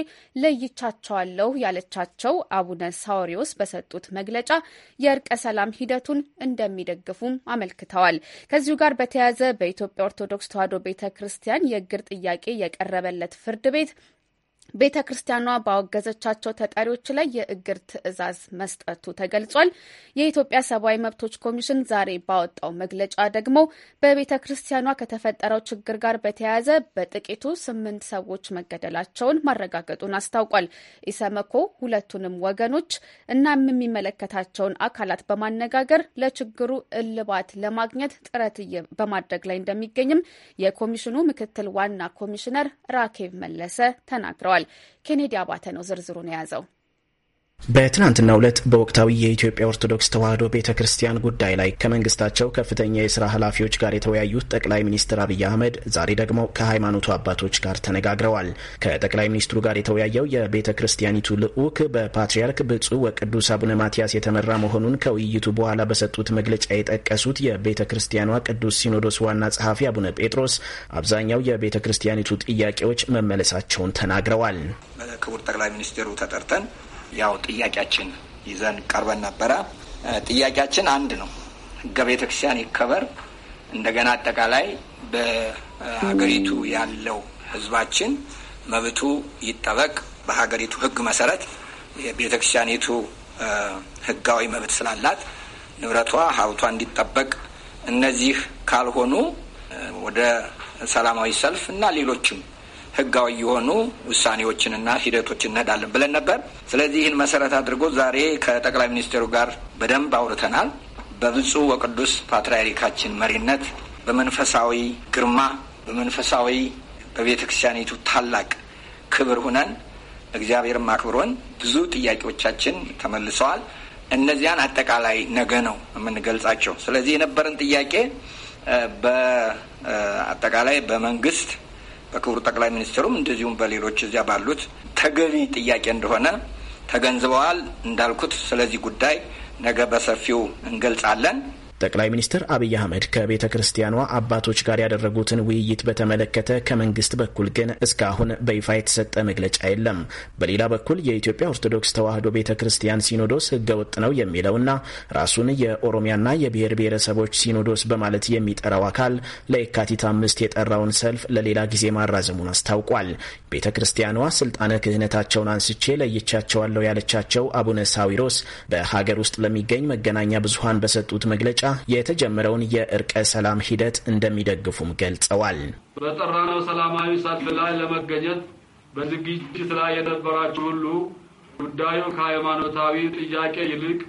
ለይቻቸዋለሁ ያለቻቸው አቡነ ሳውሪዎስ በሰጡት መግለጫ የእርቀ የሰላም ሂደቱን እንደሚደግፉም አመልክተዋል። ከዚሁ ጋር በተያያዘ በኢትዮጵያ ኦርቶዶክስ ተዋሕዶ ቤተ ክርስቲያን የእግር ጥያቄ የቀረበለት ፍርድ ቤት ቤተ ክርስቲያኗ ባወገዘቻቸው ተጠሪዎች ላይ የእግር ትዕዛዝ መስጠቱ ተገልጿል። የኢትዮጵያ ሰብአዊ መብቶች ኮሚሽን ዛሬ ባወጣው መግለጫ ደግሞ በቤተ ክርስቲያኗ ከተፈጠረው ችግር ጋር በተያያዘ በጥቂቱ ስምንት ሰዎች መገደላቸውን ማረጋገጡን አስታውቋል። ኢሰመኮ ሁለቱንም ወገኖች እና የሚመለከታቸውን አካላት በማነጋገር ለችግሩ እልባት ለማግኘት ጥረት በማድረግ ላይ እንደሚገኝም የኮሚሽኑ ምክትል ዋና ኮሚሽነር ራኬብ መለሰ ተናግረዋል። ተናግረዋል። ኬኔዲ አባተ ነው ዝርዝሩን የያዘው። በትናንትናው ዕለት በወቅታዊ የኢትዮጵያ ኦርቶዶክስ ተዋሕዶ ቤተ ክርስቲያን ጉዳይ ላይ ከመንግስታቸው ከፍተኛ የስራ ኃላፊዎች ጋር የተወያዩት ጠቅላይ ሚኒስትር አብይ አህመድ ዛሬ ደግሞ ከሃይማኖቱ አባቶች ጋር ተነጋግረዋል። ከጠቅላይ ሚኒስትሩ ጋር የተወያየው የቤተ ክርስቲያኒቱ ልዑክ በፓትርያርክ ብፁዕ ወቅዱስ አቡነ ማትያስ የተመራ መሆኑን ከውይይቱ በኋላ በሰጡት መግለጫ የጠቀሱት የቤተ ክርስቲያኗ ቅዱስ ሲኖዶስ ዋና ጸሐፊ አቡነ ጴጥሮስ አብዛኛው የቤተ ክርስቲያኒቱ ጥያቄዎች መመለሳቸውን ተናግረዋል። ክቡር ጠቅላይ ሚኒስትሩ ተጠርተን ያው ጥያቄያችን ይዘን ቀርበን ነበረ። ጥያቄያችን አንድ ነው፣ ህገ ቤተ ክርስቲያን ይከበር። እንደገና አጠቃላይ በሀገሪቱ ያለው ህዝባችን መብቱ ይጠበቅ። በሀገሪቱ ህግ መሰረት የቤተ ክርስቲያኒቱ ህጋዊ መብት ስላላት ንብረቷ፣ ሀብቷ እንዲጠበቅ እነዚህ ካልሆኑ ወደ ሰላማዊ ሰልፍ እና ሌሎችም ህጋዊ የሆኑ ውሳኔዎችንና ሂደቶችን እንሄዳለን ብለን ነበር። ስለዚህ ይህን መሰረት አድርጎ ዛሬ ከጠቅላይ ሚኒስትሩ ጋር በደንብ አውርተናል። በብፁዕ ወቅዱስ ፓትርያርካችን መሪነት በመንፈሳዊ ግርማ በመንፈሳዊ በቤተ ክርስቲያኒቱ ታላቅ ክብር ሁነን እግዚአብሔር ማክብሮን ብዙ ጥያቄዎቻችን ተመልሰዋል። እነዚያን አጠቃላይ ነገ ነው የምንገልጻቸው። ስለዚህ የነበረን ጥያቄ በአጠቃላይ በመንግስት በክቡር ጠቅላይ ሚኒስትሩም እንደዚሁም በሌሎች እዚያ ባሉት ተገቢ ጥያቄ እንደሆነ ተገንዝበዋል። እንዳልኩት ስለዚህ ጉዳይ ነገ በሰፊው እንገልጻለን። ጠቅላይ ሚኒስትር አብይ አህመድ ከቤተ ክርስቲያኗ አባቶች ጋር ያደረጉትን ውይይት በተመለከተ ከመንግስት በኩል ግን እስካሁን በይፋ የተሰጠ መግለጫ የለም። በሌላ በኩል የኢትዮጵያ ኦርቶዶክስ ተዋሕዶ ቤተ ክርስቲያን ሲኖዶስ ህገወጥ ነው የሚለውና ራሱን የኦሮሚያና የብሔር ብሔረሰቦች ሲኖዶስ በማለት የሚጠራው አካል ለየካቲት አምስት የጠራውን ሰልፍ ለሌላ ጊዜ ማራዘሙን አስታውቋል። ቤተ ክርስቲያኗ ስልጣነ ክህነታቸውን አንስቼ ለይቻቸዋለሁ ያለቻቸው አቡነ ሳዊሮስ በሀገር ውስጥ ለሚገኝ መገናኛ ብዙሀን በሰጡት መግለጫ የተጀመረውን የእርቀ ሰላም ሂደት እንደሚደግፉም ገልጸዋል። በጠራነው ሰላማዊ ሰልፍ ላይ ለመገኘት በዝግጅት ላይ የነበራችሁ ሁሉ ጉዳዩ ከሃይማኖታዊ ጥያቄ ይልቅ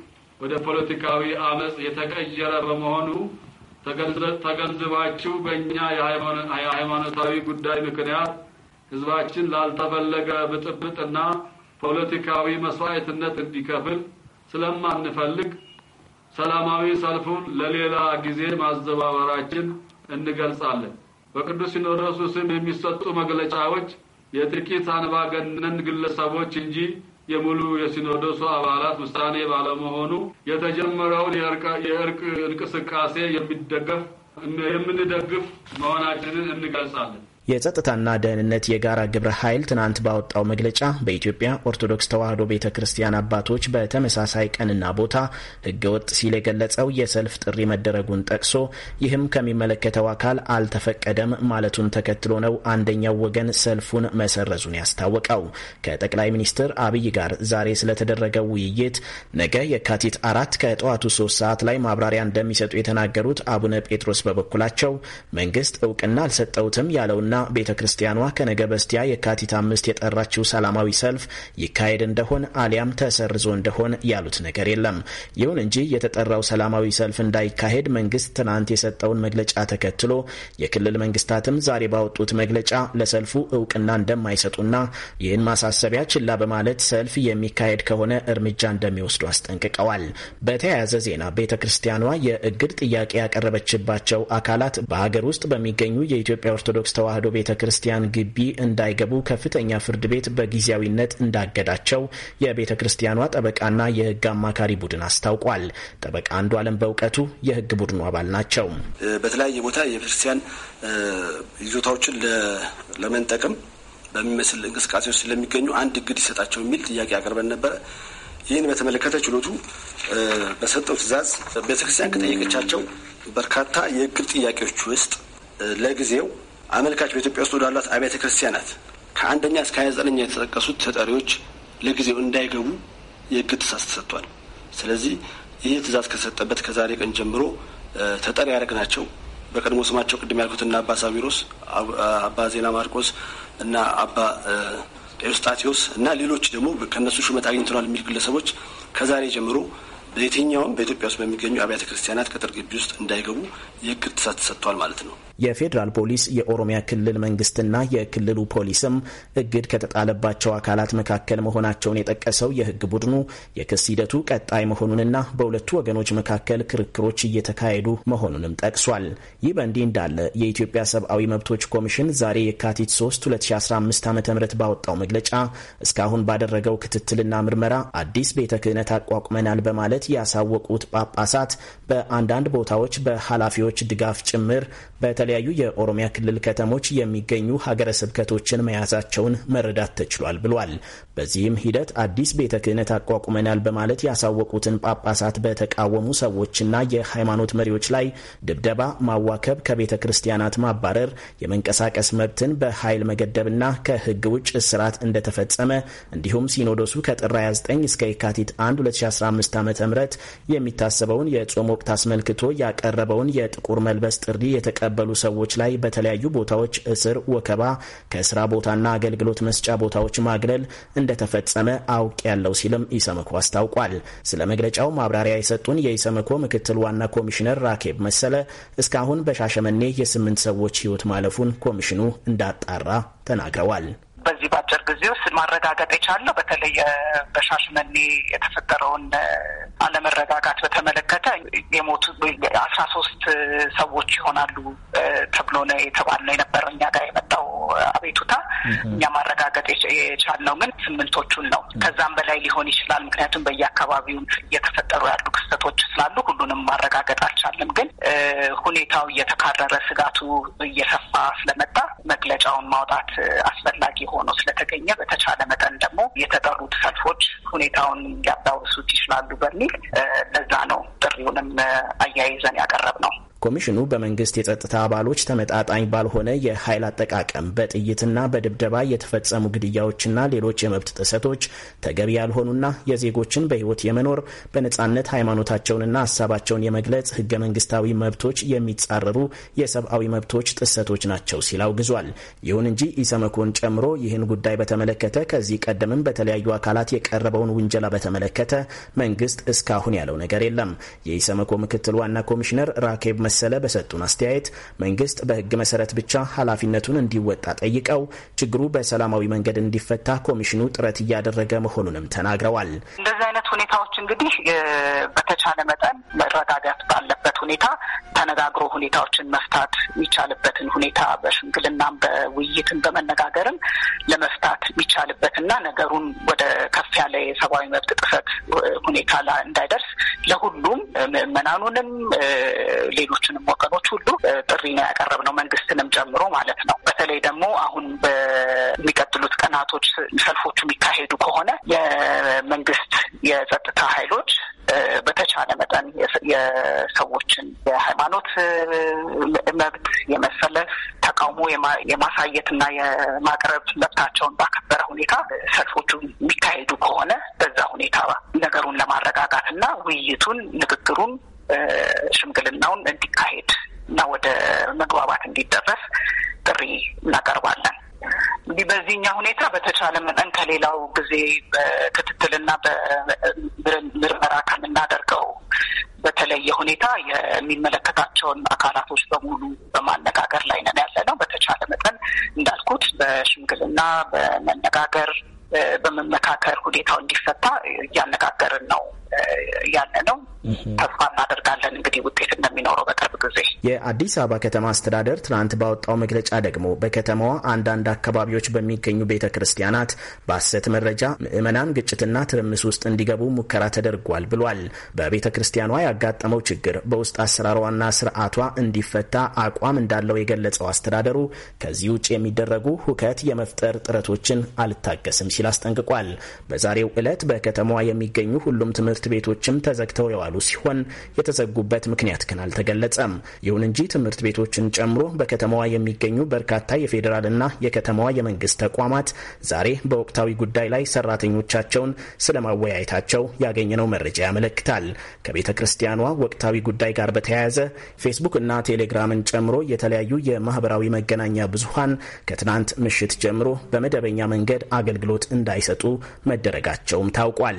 ወደ ፖለቲካዊ አመፅ የተቀየረ በመሆኑ ተገንዝባችሁ በእኛ የሃይማኖታዊ ጉዳይ ምክንያት ህዝባችን ላልተፈለገ ብጥብጥና ፖለቲካዊ መስዋዕትነት እንዲከፍል ስለማንፈልግ ሰላማዊ ሰልፉን ለሌላ ጊዜ ማዘባበራችን እንገልጻለን። በቅዱስ ሲኖዶሱ ስም የሚሰጡ መግለጫዎች የጥቂት አንባገነን ግለሰቦች እንጂ የሙሉ የሲኖዶሱ አባላት ውሳኔ ባለመሆኑ የተጀመረውን የእርቅ እንቅስቃሴ የሚደገፍ የምንደግፍ መሆናችንን እንገልጻለን። የጸጥታና ደህንነት የጋራ ግብረ ኃይል ትናንት ባወጣው መግለጫ በኢትዮጵያ ኦርቶዶክስ ተዋሕዶ ቤተ ክርስቲያን አባቶች በተመሳሳይ ቀንና ቦታ ህገወጥ ሲል የገለጸው የሰልፍ ጥሪ መደረጉን ጠቅሶ ይህም ከሚመለከተው አካል አልተፈቀደም ማለቱን ተከትሎ ነው አንደኛው ወገን ሰልፉን መሰረዙን ያስታወቀው። ከጠቅላይ ሚኒስትር አብይ ጋር ዛሬ ስለተደረገው ውይይት ነገ የካቲት አራት ከጠዋቱ ሶስት ሰዓት ላይ ማብራሪያ እንደሚሰጡ የተናገሩት አቡነ ጴጥሮስ በበኩላቸው መንግስት እውቅና አልሰጠውትም ያለውና ቤተ ክርስቲያኗ ከነገ በስቲያ የካቲት አምስት የጠራችው ሰላማዊ ሰልፍ ይካሄድ እንደሆን አሊያም ተሰርዞ እንደሆን ያሉት ነገር የለም። ይሁን እንጂ የተጠራው ሰላማዊ ሰልፍ እንዳይካሄድ መንግስት ትናንት የሰጠውን መግለጫ ተከትሎ የክልል መንግስታትም ዛሬ ባወጡት መግለጫ ለሰልፉ እውቅና እንደማይሰጡና ይህን ማሳሰቢያ ችላ በማለት ሰልፍ የሚካሄድ ከሆነ እርምጃ እንደሚወስዱ አስጠንቅቀዋል። በተያያዘ ዜና ቤተ ክርስቲያኗ የእግድ ጥያቄ ያቀረበችባቸው አካላት በሀገር ውስጥ በሚገኙ የኢትዮጵያ ኦርቶዶክስ ተዋሕዶ ቤተ ክርስቲያን ግቢ እንዳይገቡ ከፍተኛ ፍርድ ቤት በጊዜያዊነት እንዳገዳቸው የቤተ ክርስቲያኗ ጠበቃና የህግ አማካሪ ቡድን አስታውቋል። ጠበቃ አንዱ አለም በእውቀቱ የህግ ቡድኑ አባል ናቸው። በተለያየ ቦታ የቤተክርስቲያን ይዞታዎችን ለመንጠቅም በሚመስል እንቅስቃሴ ውስጥ ስለሚገኙ አንድ እግድ ይሰጣቸው የሚል ጥያቄ አቅርበን ነበረ። ይህን በተመለከተ ችሎቱ በሰጠው ትእዛዝ ቤተክርስቲያን ከጠየቀቻቸው በርካታ የእግድ ጥያቄዎች ውስጥ ለጊዜው አመልካች በኢትዮጵያ ውስጥ ወዳሏት አብያተ ክርስቲያናት ከአንደኛ እስከ ሀያ ዘጠነኛ የተጠቀሱት ተጠሪዎች ለጊዜው እንዳይገቡ የህግ ትእዛዝ ተሰጥቷል። ስለዚህ ይህ ትእዛዝ ከተሰጠበት ከዛሬ ቀን ጀምሮ ተጠሪ ናቸው በቀድሞ ስማቸው ቅድም ያልኩት እና አባ ሳዊሮስ፣ አባ ዜና ማርቆስ እና አባ ኤዎስጣቴዎስ እና ሌሎች ደግሞ ከእነሱ ሹመት አግኝተናል የሚል ግለሰቦች ከዛሬ ጀምሮ በየትኛውም በኢትዮጵያ ውስጥ በሚገኙ አብያተ ክርስቲያናት ቅጥር ግቢ ውስጥ እንዳይገቡ የህግ ትእዛዝ ተሰጥቷል ማለት ነው። የፌዴራል ፖሊስ፣ የኦሮሚያ ክልል መንግስትና የክልሉ ፖሊስም እግድ ከተጣለባቸው አካላት መካከል መሆናቸውን የጠቀሰው የህግ ቡድኑ የክስ ሂደቱ ቀጣይ መሆኑንና በሁለቱ ወገኖች መካከል ክርክሮች እየተካሄዱ መሆኑንም ጠቅሷል። ይህ በእንዲህ እንዳለ የኢትዮጵያ ሰብአዊ መብቶች ኮሚሽን ዛሬ የካቲት 3 2015 ዓ ም ባወጣው መግለጫ እስካሁን ባደረገው ክትትልና ምርመራ አዲስ ቤተ ክህነት አቋቁመናል በማለት ያሳወቁት ጳጳሳት በአንዳንድ ቦታዎች በኃላፊዎች ድጋፍ ጭምር በተለ በተለያዩ የኦሮሚያ ክልል ከተሞች የሚገኙ ሀገረ ስብከቶችን መያዛቸውን መረዳት ተችሏል ብሏል። በዚህም ሂደት አዲስ ቤተ ክህነት አቋቁመናል በማለት ያሳወቁትን ጳጳሳት በተቃወሙ ሰዎችና የሃይማኖት መሪዎች ላይ ድብደባ፣ ማዋከብ፣ ከቤተ ክርስቲያናት ማባረር፣ የመንቀሳቀስ መብትን በኃይል መገደብና ከህግ ውጭ እስራት እንደተፈጸመ እንዲሁም ሲኖዶሱ ከጥር 29 እስከ የካቲት 1 2015 ዓ ም የሚታሰበውን የጾም ወቅት አስመልክቶ ያቀረበውን የጥቁር መልበስ ጥሪ የተቀበሉ ሰዎች ላይ በተለያዩ ቦታዎች እስር፣ ወከባ፣ ከስራ ቦታና አገልግሎት መስጫ ቦታዎች ማግለል እንደተፈጸመ አውቅ ያለው ሲልም ኢሰመኮ አስታውቋል። ስለ መግለጫው ማብራሪያ የሰጡን የኢሰመኮ ምክትል ዋና ኮሚሽነር ራኬብ መሰለ እስካሁን በሻሸመኔ የስምንት ሰዎች ሕይወት ማለፉን ኮሚሽኑ እንዳጣራ ተናግረዋል። በዚህ በአጭር ጊዜ ውስጥ ማረጋገጥ የቻለው በተለይ በሻሽመኔ የተፈጠረውን አለመረጋጋት በተመለከተ የሞቱ አስራ ሶስት ሰዎች ይሆናሉ ተብሎ ነው የተባልነው የነበረው እኛ ጋር የመጣው አቤቱታ። እኛ ማረጋገጥ የቻልነው ግን ስምንቶቹን ነው። ከዛም በላይ ሊሆን ይችላል። ምክንያቱም በየአካባቢው እየተፈጠሩ ያሉ ክስተቶች ስላሉ ሁሉንም ማረጋገጥ አልቻለም። ግን ሁኔታው እየተካረረ ስጋቱ እየሰፋ ስለመጣ መግለጫውን ማውጣት አስፈላጊ ሆኖ ስለተገኘ በተቻለ መጠን ደግሞ የተጠሩት ሰልፎች ሁኔታውን ሊያባብሱት ይችላሉ በሚል ለዛ ነው ጥሪውንም አያይዘን ያቀረብ ነው። ኮሚሽኑ በመንግስት የጸጥታ አባሎች ተመጣጣኝ ባልሆነ የኃይል አጠቃቀም በጥይትና በድብደባ የተፈጸሙ ግድያዎችና ሌሎች የመብት ጥሰቶች ተገቢ ያልሆኑና የዜጎችን በህይወት የመኖር በነጻነት ሃይማኖታቸውንና ሀሳባቸውን የመግለጽ ህገ መንግስታዊ መብቶች የሚጻረሩ የሰብአዊ መብቶች ጥሰቶች ናቸው ሲል አውግዟል። ይሁን እንጂ ኢሰመኮን ጨምሮ ይህን ጉዳይ በተመለከተ ከዚህ ቀደምም በተለያዩ አካላት የቀረበውን ውንጀላ በተመለከተ መንግስት እስካሁን ያለው ነገር የለም። የኢሰመኮ ምክትል ዋና ኮሚሽነር ራኬብ መሰለ በሰጡን አስተያየት መንግስት በህግ መሰረት ብቻ ኃላፊነቱን እንዲወጣ ጠይቀው ችግሩ በሰላማዊ መንገድ እንዲፈታ ኮሚሽኑ ጥረት እያደረገ መሆኑንም ተናግረዋል። እንደዚህ አይነት ሁኔታዎች እንግዲህ በተቻለ መጠን መረጋጋት ባለበት ሁኔታ ተነጋግሮ ሁኔታዎችን መፍታት የሚቻልበትን ሁኔታ በሽምግልናም በውይይትም በመነጋገርም ለመፍታት የሚቻልበትና ነገሩን ወደ ከፍ ያለ የሰብአዊ መብት ጥሰት ሁኔታ እንዳይደርስ ለሁሉም ምዕመናኑንም ሌሎች ሌሎችንም ወገኖች ሁሉ ጥሪ ነው ነው መንግስትንም ጨምሮ ማለት ነው። በተለይ ደግሞ አሁን በሚቀጥሉት ቀናቶች ሰልፎቹ የሚካሄዱ ከሆነ የመንግስት የጸጥታ ኃይሎች በተቻለ መጠን የሰዎችን የሃይማኖት መብት የመሰለፍ ተቃውሞ የማሳየትና የማቅረብ መብታቸውን ባከበረ ሁኔታ ሰልፎቹ የሚካሄዱ ከሆነ በዛ ሁኔታ ነገሩን ለማረጋጋት እና ውይይቱን ንግግሩን ሽምግልናውን እንዲካሄድ እና ወደ መግባባት እንዲደረስ ጥሪ እናቀርባለን። እንግዲህ በዚህኛ ሁኔታ በተቻለ መጠን ከሌላው ጊዜ በክትትልና በምርመራ ከምናደርገው በተለየ ሁኔታ የሚመለከታቸውን አካላቶች በሙሉ በማነጋገር ላይ ነን ያለ ነው። በተቻለ መጠን እንዳልኩት በሽምግልና በመነጋገር በመመካከር ሁኔታው እንዲፈታ እያነጋገርን ነው ያለ ነው። ተስፋ እናደርጋለን እንግዲህ ውጤት እንደሚኖረው በቅርብ ጊዜ። የአዲስ አበባ ከተማ አስተዳደር ትናንት ባወጣው መግለጫ ደግሞ በከተማዋ አንዳንድ አካባቢዎች በሚገኙ ቤተ ክርስቲያናት በሐሰት መረጃ ምዕመናን ግጭትና ትርምስ ውስጥ እንዲገቡ ሙከራ ተደርጓል ብሏል። በቤተ ክርስቲያኗ ያጋጠመው ችግር በውስጥ አሰራሯና ስርዓቷ እንዲፈታ አቋም እንዳለው የገለጸው አስተዳደሩ ከዚህ ውጭ የሚደረጉ ሁከት የመፍጠር ጥረቶችን አልታገስም ሲል አስጠንቅቋል። በዛሬው ዕለት በከተማዋ የሚገኙ ሁሉም ትምህርት ትምህርት ቤቶችም ተዘግተው የዋሉ ሲሆን የተዘጉበት ምክንያት ግን አልተገለጸም። ይሁን እንጂ ትምህርት ቤቶችን ጨምሮ በከተማዋ የሚገኙ በርካታ የፌዴራልና የከተማዋ የመንግስት ተቋማት ዛሬ በወቅታዊ ጉዳይ ላይ ሰራተኞቻቸውን ስለማወያየታቸው ያገኘነው መረጃ ያመለክታል። ከቤተ ክርስቲያኗ ወቅታዊ ጉዳይ ጋር በተያያዘ ፌስቡክ እና ቴሌግራምን ጨምሮ የተለያዩ የማህበራዊ መገናኛ ብዙሃን ከትናንት ምሽት ጀምሮ በመደበኛ መንገድ አገልግሎት እንዳይሰጡ መደረጋቸውም ታውቋል።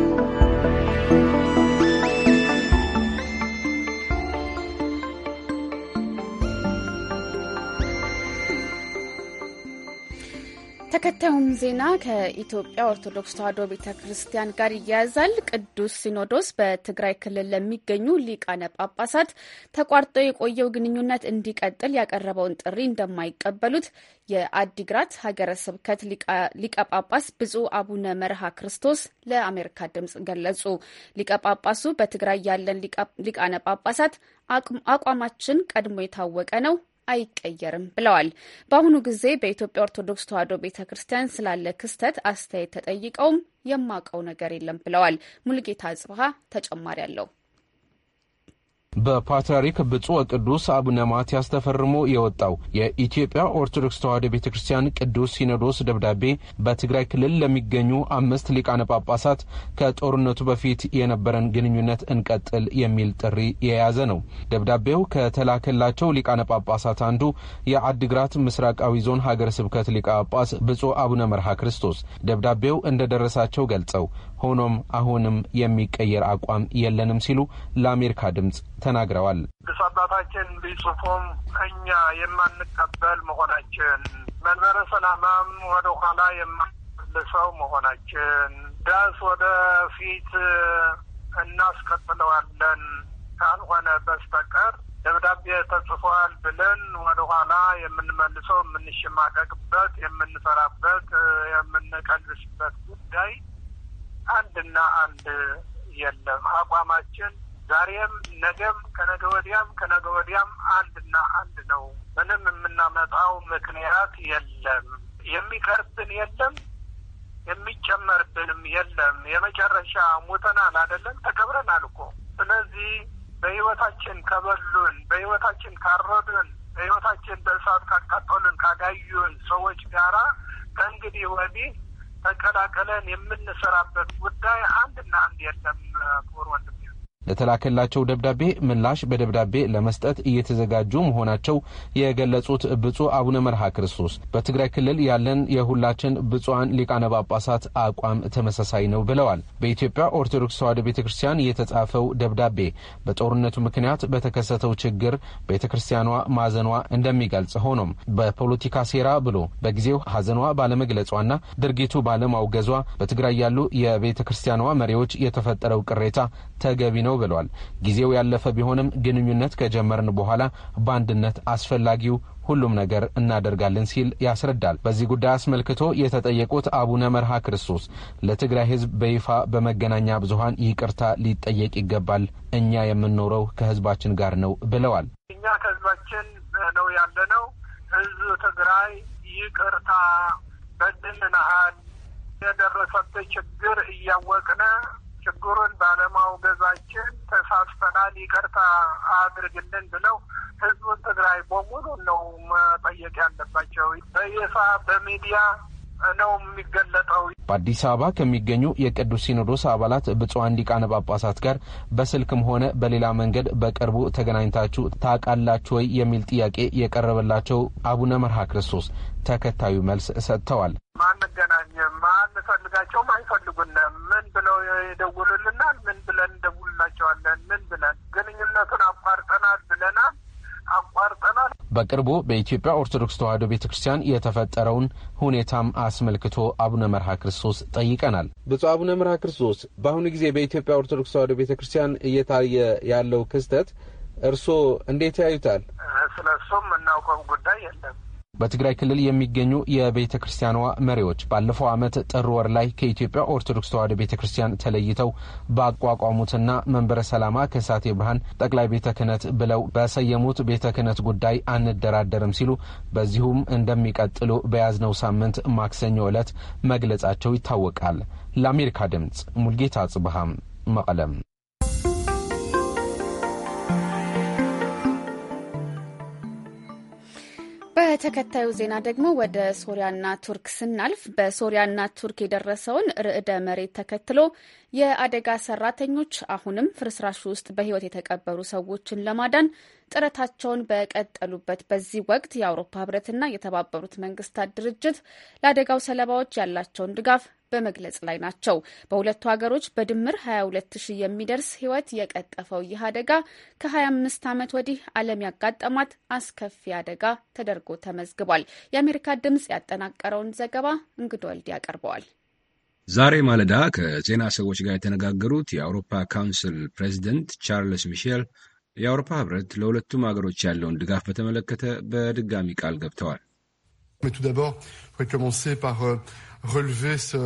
ተከታዩም ዜና ከኢትዮጵያ ኦርቶዶክስ ተዋሕዶ ቤተ ክርስቲያን ጋር ይያያዛል። ቅዱስ ሲኖዶስ በትግራይ ክልል ለሚገኙ ሊቃነ ጳጳሳት ተቋርጦ የቆየው ግንኙነት እንዲቀጥል ያቀረበውን ጥሪ እንደማይቀበሉት የአዲግራት ሀገረ ስብከት ሊቀ ጳጳስ ብፁዕ አቡነ መርሃ ክርስቶስ ለአሜሪካ ድምጽ ገለጹ። ሊቀ ጳጳሱ በትግራይ ያለን ሊቃነ ጳጳሳት አቋማችን ቀድሞ የታወቀ ነው አይቀየርም ብለዋል። በአሁኑ ጊዜ በኢትዮጵያ ኦርቶዶክስ ተዋሕዶ ቤተ ክርስቲያን ስላለ ክስተት አስተያየት ተጠይቀውም የማውቀው ነገር የለም ብለዋል። ሙልጌታ ጽብሃ ተጨማሪ አለው። በፓትርያርክ ብፁዕ ወቅዱስ አቡነ ማትያስ ተፈርሞ የወጣው የኢትዮጵያ ኦርቶዶክስ ተዋሕዶ ቤተ ክርስቲያን ቅዱስ ሲኖዶስ ደብዳቤ በትግራይ ክልል ለሚገኙ አምስት ሊቃነ ጳጳሳት ከጦርነቱ በፊት የነበረን ግንኙነት እንቀጥል የሚል ጥሪ የያዘ ነው። ደብዳቤው ከተላከላቸው ሊቃነ ጳጳሳት አንዱ የአድግራት ምስራቃዊ ዞን ሀገረ ስብከት ሊቀ ጳጳስ ብፁዕ አቡነ መርሃ ክርስቶስ ደብዳቤው እንደደረሳቸው ገልጸው ሆኖም አሁንም የሚቀየር አቋም የለንም ሲሉ ለአሜሪካ ድምፅ ተናግረዋል። ብፁዕ አባታችን ቢጽፉም እኛ የማንቀበል መሆናችን መንበረ ሰላማም ወደ ኋላ የማንመልሰው መሆናችን ዳስ ወደ ፊት እናስቀጥለዋለን ካልሆነ በስተቀር ደብዳቤ ተጽፏል ብለን ወደ ኋላ የምንመልሰው የምንሸማቀቅበት፣ የምንፈራበት፣ የምንቀልብስበት ጉዳይ አንድና አንድ የለም። አቋማችን ዛሬም፣ ነገም፣ ከነገ ወዲያም ከነገ ወዲያም አንድና አንድ ነው። ምንም የምናመጣው ምክንያት የለም። የሚቀርብን የለም፣ የሚጨመርብንም የለም። የመጨረሻ ሙተናል አይደለም፣ ተከብረናል እኮ። ስለዚህ በህይወታችን ከበሉን፣ በህይወታችን ካረዱን፣ በህይወታችን በእሳት ካቃጠሉን፣ ካጋዩን ሰዎች ጋራ ከእንግዲህ ወዲህ ተከላከለን የምንሰራበት ጉዳይ አንድና አንድ የለም። ፖር ወንድም ለተላከላቸው ደብዳቤ ምላሽ በደብዳቤ ለመስጠት እየተዘጋጁ መሆናቸው የገለጹት ብፁዕ አቡነ መርሃ ክርስቶስ በትግራይ ክልል ያለን የሁላችን ብፁዓን ሊቃነ ጳጳሳት አቋም ተመሳሳይ ነው ብለዋል። በኢትዮጵያ ኦርቶዶክስ ተዋሕዶ ቤተ ክርስቲያን የተጻፈው ደብዳቤ በጦርነቱ ምክንያት በተከሰተው ችግር ቤተ ክርስቲያኗ ማዘኗ እንደሚገልጽ ሆኖም በፖለቲካ ሴራ ብሎ በጊዜው ሀዘኗ ባለመግለጿና ድርጊቱ ባለማውገዟ በትግራይ ያሉ የቤተ ክርስቲያኗ መሪዎች የተፈጠረው ቅሬታ ተገቢ ነው ነው ብለዋል። ጊዜው ያለፈ ቢሆንም ግንኙነት ከጀመርን በኋላ በአንድነት አስፈላጊው ሁሉም ነገር እናደርጋለን ሲል ያስረዳል። በዚህ ጉዳይ አስመልክቶ የተጠየቁት አቡነ መርሃ ክርስቶስ ለትግራይ ሕዝብ በይፋ በመገናኛ ብዙኃን ይቅርታ ሊጠየቅ ይገባል፣ እኛ የምንኖረው ከሕዝባችን ጋር ነው ብለዋል። እኛ ከሕዝባችን ነው ነው ሕዝብ ትግራይ ይቅርታ በድንናሃል የደረሰበት ችግር እያወቅነ ችግሩን ባለማውገዛችን ተሳስተናል፣ ይቅርታ አድርግልን ብለው ህዝቡን ትግራይ በሙሉ ነው መጠየቅ ያለባቸው። በየሳ በሚዲያ ነው የሚገለጠው። በአዲስ አበባ ከሚገኙ የቅዱስ ሲኖዶስ አባላት ብፁዓን ሊቃነ ጳጳሳት ጋር በስልክም ሆነ በሌላ መንገድ በቅርቡ ተገናኝታችሁ ታውቃላችሁ ወይ የሚል ጥያቄ የቀረበላቸው አቡነ መርሃ ክርስቶስ ተከታዩ መልስ ሰጥተዋል። አንገናኝም፣ አንፈልጋቸውም፣ አይፈልጉንም። ምን ብለው ይደውሉልናል? ምን ብለን እንደውልላቸዋለን? ምን ብለን ግንኙነቱን አቋርጠናል ብለናል። አቋርጠናል። በቅርቡ በኢትዮጵያ ኦርቶዶክስ ተዋሕዶ ቤተ ክርስቲያን የተፈጠረውን ሁኔታም አስመልክቶ አቡነ መርሃ ክርስቶስ ጠይቀናል። ብፁዕ አቡነ መርሃ ክርስቶስ በአሁኑ ጊዜ በኢትዮጵያ ኦርቶዶክስ ተዋሕዶ ቤተ ክርስቲያን እየታየ ያለው ክስተት እርስዎ እንዴት ያዩታል? ስለ እሱም እናውቀው ጉዳይ የለም በትግራይ ክልል የሚገኙ የቤተ ክርስቲያኗ መሪዎች ባለፈው ዓመት ጥር ወር ላይ ከኢትዮጵያ ኦርቶዶክስ ተዋሕዶ ቤተ ክርስቲያን ተለይተው ባቋቋሙትና መንበረ ሰላማ ከሳቴ ብርሃን ጠቅላይ ቤተ ክህነት ብለው በሰየሙት ቤተ ክህነት ጉዳይ አንደራደርም ሲሉ በዚሁም እንደሚቀጥሉ በያዝነው ሳምንት ማክሰኞ ዕለት መግለጻቸው ይታወቃል። ለአሜሪካ ድምፅ ሙልጌታ ጽብሃም መቀለም በተከታዩ ዜና ደግሞ ወደ ሶሪያና ቱርክ ስናልፍ በሶሪያና ቱርክ የደረሰውን ርዕደ መሬት ተከትሎ የአደጋ ሰራተኞች አሁንም ፍርስራሹ ውስጥ በሕይወት የተቀበሩ ሰዎችን ለማዳን ጥረታቸውን በቀጠሉበት በዚህ ወቅት የአውሮፓ ሕብረትና የተባበሩት መንግስታት ድርጅት ለአደጋው ሰለባዎች ያላቸውን ድጋፍ በመግለጽ ላይ ናቸው። በሁለቱ ሀገሮች በድምር 22 ሺህ የሚደርስ ህይወት የቀጠፈው ይህ አደጋ ከ25 ዓመት ወዲህ ዓለም ያጋጠማት አስከፊ አደጋ ተደርጎ ተመዝግቧል። የአሜሪካ ድምፅ ያጠናቀረውን ዘገባ እንግዶ ወልድ ያቀርበዋል። ዛሬ ማለዳ ከዜና ሰዎች ጋር የተነጋገሩት የአውሮፓ ካውንስል ፕሬዚደንት ቻርልስ ሚሼል የአውሮፓ ህብረት ለሁለቱም ሀገሮች ያለውን ድጋፍ በተመለከተ በድጋሚ ቃል ገብተዋል። Mais tout d'abord, je voudrais commencer par euh, relever ce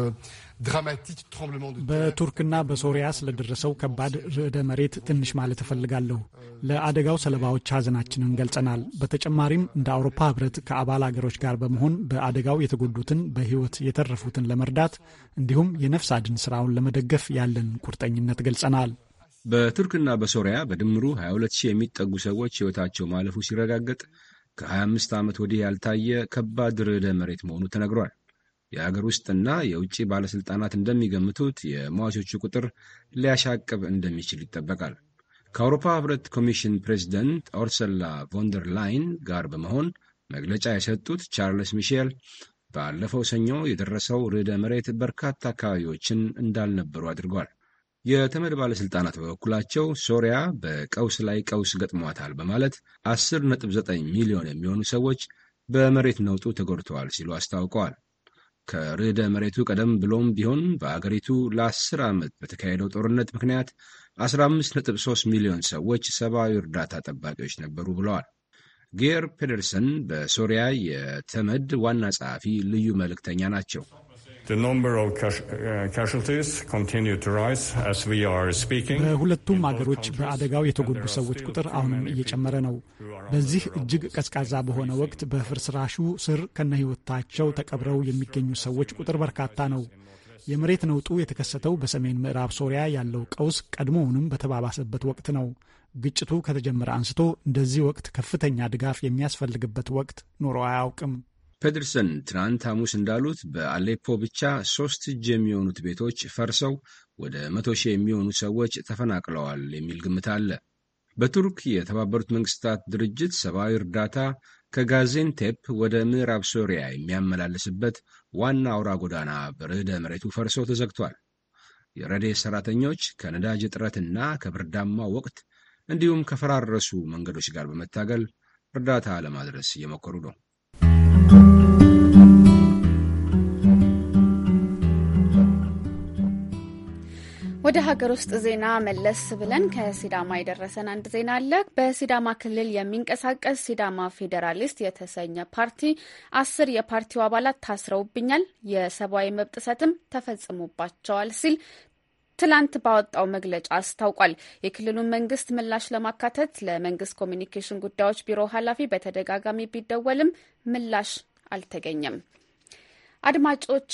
በቱርክና በሶሪያ ስለደረሰው ከባድ ርዕደ መሬት ትንሽ ማለት እፈልጋለሁ። ለአደጋው ሰለባዎች ሐዘናችንን ገልጸናል። በተጨማሪም እንደ አውሮፓ ሕብረት ከአባል አገሮች ጋር በመሆን በአደጋው የተጎዱትን በሕይወት የተረፉትን ለመርዳት እንዲሁም የነፍስ አድን ስራውን ለመደገፍ ያለን ቁርጠኝነት ገልጸናል። በቱርክና በሶሪያ በድምሩ 22 ሺህ የሚጠጉ ሰዎች ሕይወታቸው ማለፉ ሲረጋገጥ ከ25 ዓመት ወዲህ ያልታየ ከባድ ርዕደ መሬት መሆኑ ተነግሯል። የአገር ውስጥና የውጭ ባለሥልጣናት እንደሚገምቱት የሟቾቹ ቁጥር ሊያሻቅብ እንደሚችል ይጠበቃል። ከአውሮፓ ሕብረት ኮሚሽን ፕሬዚደንት ኦርሰላ ቮንደር ላይን ጋር በመሆን መግለጫ የሰጡት ቻርልስ ሚሼል ባለፈው ሰኞ የደረሰው ርዕደ መሬት በርካታ አካባቢዎችን እንዳልነበሩ አድርጓል። የተመድ ባለሥልጣናት በበኩላቸው ሶሪያ በቀውስ ላይ ቀውስ ገጥሟታል በማለት 10.9 ሚሊዮን የሚሆኑ ሰዎች በመሬት ነውጡ ተጎድተዋል ሲሉ አስታውቀዋል። ከርዕደ መሬቱ ቀደም ብሎም ቢሆን በአገሪቱ ለ10 ዓመት በተካሄደው ጦርነት ምክንያት 15.3 ሚሊዮን ሰዎች ሰብአዊ እርዳታ ጠባቂዎች ነበሩ ብለዋል። ጌር ፔደርሰን በሶሪያ የተመድ ዋና ጸሐፊ ልዩ መልእክተኛ ናቸው። Uh, በሁለቱም አገሮች በአደጋው የተጎዱ ሰዎች ቁጥር አሁንም እየጨመረ ነው። በዚህ እጅግ ቀዝቃዛ በሆነ ወቅት በፍርስራሹ ስር ከነህይወታቸው ተቀብረው የሚገኙ ሰዎች ቁጥር በርካታ ነው። የመሬት ነውጡ የተከሰተው በሰሜን ምዕራብ ሶሪያ ያለው ቀውስ ቀድሞውንም በተባባሰበት ወቅት ነው። ግጭቱ ከተጀመረ አንስቶ እንደዚህ ወቅት ከፍተኛ ድጋፍ የሚያስፈልግበት ወቅት ኖሮ አያውቅም። ፔደርሰን ትናንት ሐሙስ እንዳሉት በአሌፖ ብቻ ሶስት እጅ የሚሆኑት ቤቶች ፈርሰው ወደ መቶ ሺህ የሚሆኑ ሰዎች ተፈናቅለዋል የሚል ግምት አለ። በቱርክ የተባበሩት መንግስታት ድርጅት ሰብአዊ እርዳታ ከጋዜንቴፕ ወደ ምዕራብ ሶሪያ የሚያመላልስበት ዋና አውራ ጎዳና በርዕደ መሬቱ ፈርሶ ተዘግቷል። የረድኤት ሠራተኞች ከነዳጅ እጥረትና ከብርዳማ ወቅት እንዲሁም ከፈራረሱ መንገዶች ጋር በመታገል እርዳታ ለማድረስ እየሞከሩ ነው። ወደ ሀገር ውስጥ ዜና መለስ ብለን ከሲዳማ የደረሰን አንድ ዜና አለ። በሲዳማ ክልል የሚንቀሳቀስ ሲዳማ ፌዴራሊስት የተሰኘ ፓርቲ አስር የፓርቲው አባላት ታስረውብኛል፣ የሰብአዊ መብት ጥሰትም ተፈጽሞባቸዋል ሲል ትላንት ባወጣው መግለጫ አስታውቋል። የክልሉን መንግስት ምላሽ ለማካተት ለመንግስት ኮሚኒኬሽን ጉዳዮች ቢሮ ኃላፊ በተደጋጋሚ ቢደወልም ምላሽ አልተገኘም። አድማጮች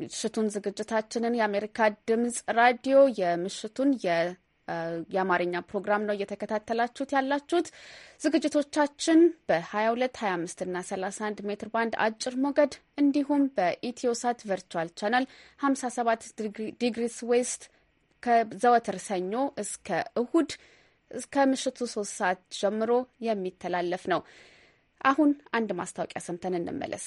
ምሽቱን ዝግጅታችንን የአሜሪካ ድምጽ ራዲዮ የምሽቱን የ የአማርኛ ፕሮግራም ነው እየተከታተላችሁት ያላችሁት። ዝግጅቶቻችን በ22፣ 25 እና 31 ሜትር ባንድ አጭር ሞገድ እንዲሁም በኢትዮሳት ቨርቹዋል ቻናል 57 ዲግሪስ ዌስት ከዘወትር ሰኞ እስከ እሁድ እስከ ምሽቱ 3 ሰዓት ጀምሮ የሚተላለፍ ነው። አሁን አንድ ማስታወቂያ ሰምተን እንመለስ።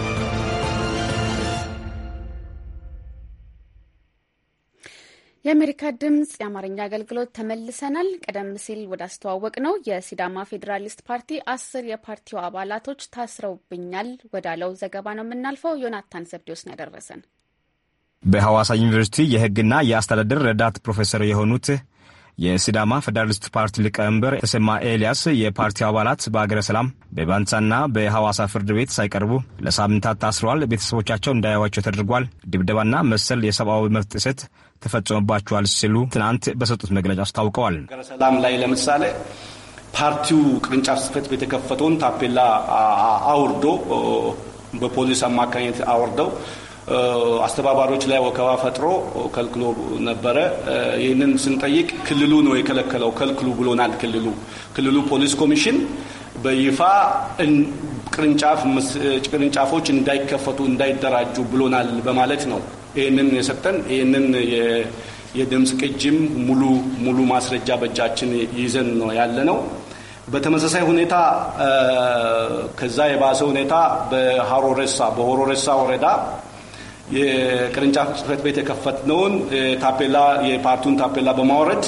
የአሜሪካ ድምጽ የአማርኛ አገልግሎት ተመልሰናል። ቀደም ሲል ወዳስተዋወቅ ነው የሲዳማ ፌዴራሊስት ፓርቲ አስር የፓርቲው አባላቶች ታስረውብኛል ወዳለው ዘገባ ነው የምናልፈው። ዮናታን ዘብዴዎስ ነው ያደረሰን። በሐዋሳ ዩኒቨርሲቲ የሕግና የአስተዳደር ረዳት ፕሮፌሰር የሆኑት የሲዳማ ፌዴራሊስት ፓርቲ ሊቀመንበር ተሰማ ኤልያስ የፓርቲው አባላት በአገረ ሰላም በባንሳና በሐዋሳ ፍርድ ቤት ሳይቀርቡ ለሳምንታት ታስረዋል። ቤተሰቦቻቸው እንዳያዋቸው ተደርጓል። ድብደባና መሰል የሰብአዊ መብት ጥሰት ተፈጽሞባቸዋል ሲሉ ትናንት በሰጡት መግለጫ አስታውቀዋል። ሰላም ላይ ለምሳሌ ፓርቲው ቅርንጫፍ ጽህፈት ቤት የከፈተውን ታፔላ አውርዶ በፖሊስ አማካኝነት አውርደው አስተባባሪዎች ላይ ወከባ ፈጥሮ ከልክሎ ነበረ። ይህንን ስንጠይቅ ክልሉ ነው የከለከለው፣ ከልክሉ ብሎናል። ክልሉ ክልሉ ፖሊስ ኮሚሽን በይፋ ቅርንጫፎች እንዳይከፈቱ እንዳይደራጁ ብሎናል በማለት ነው ይህንን የሰጠን ይህንን የድምፅ ቅጅም ሙሉ ሙሉ ማስረጃ በእጃችን ይዘን ነው ያለ ነው። በተመሳሳይ ሁኔታ ከዛ የባሰ ሁኔታ በሀሮሬሳ በሆሮሬሳ ወረዳ የቅርንጫፍ ጽህፈት ቤት የከፈትነውን ታፔላ የፓርቲውን ታፔላ በማውረድ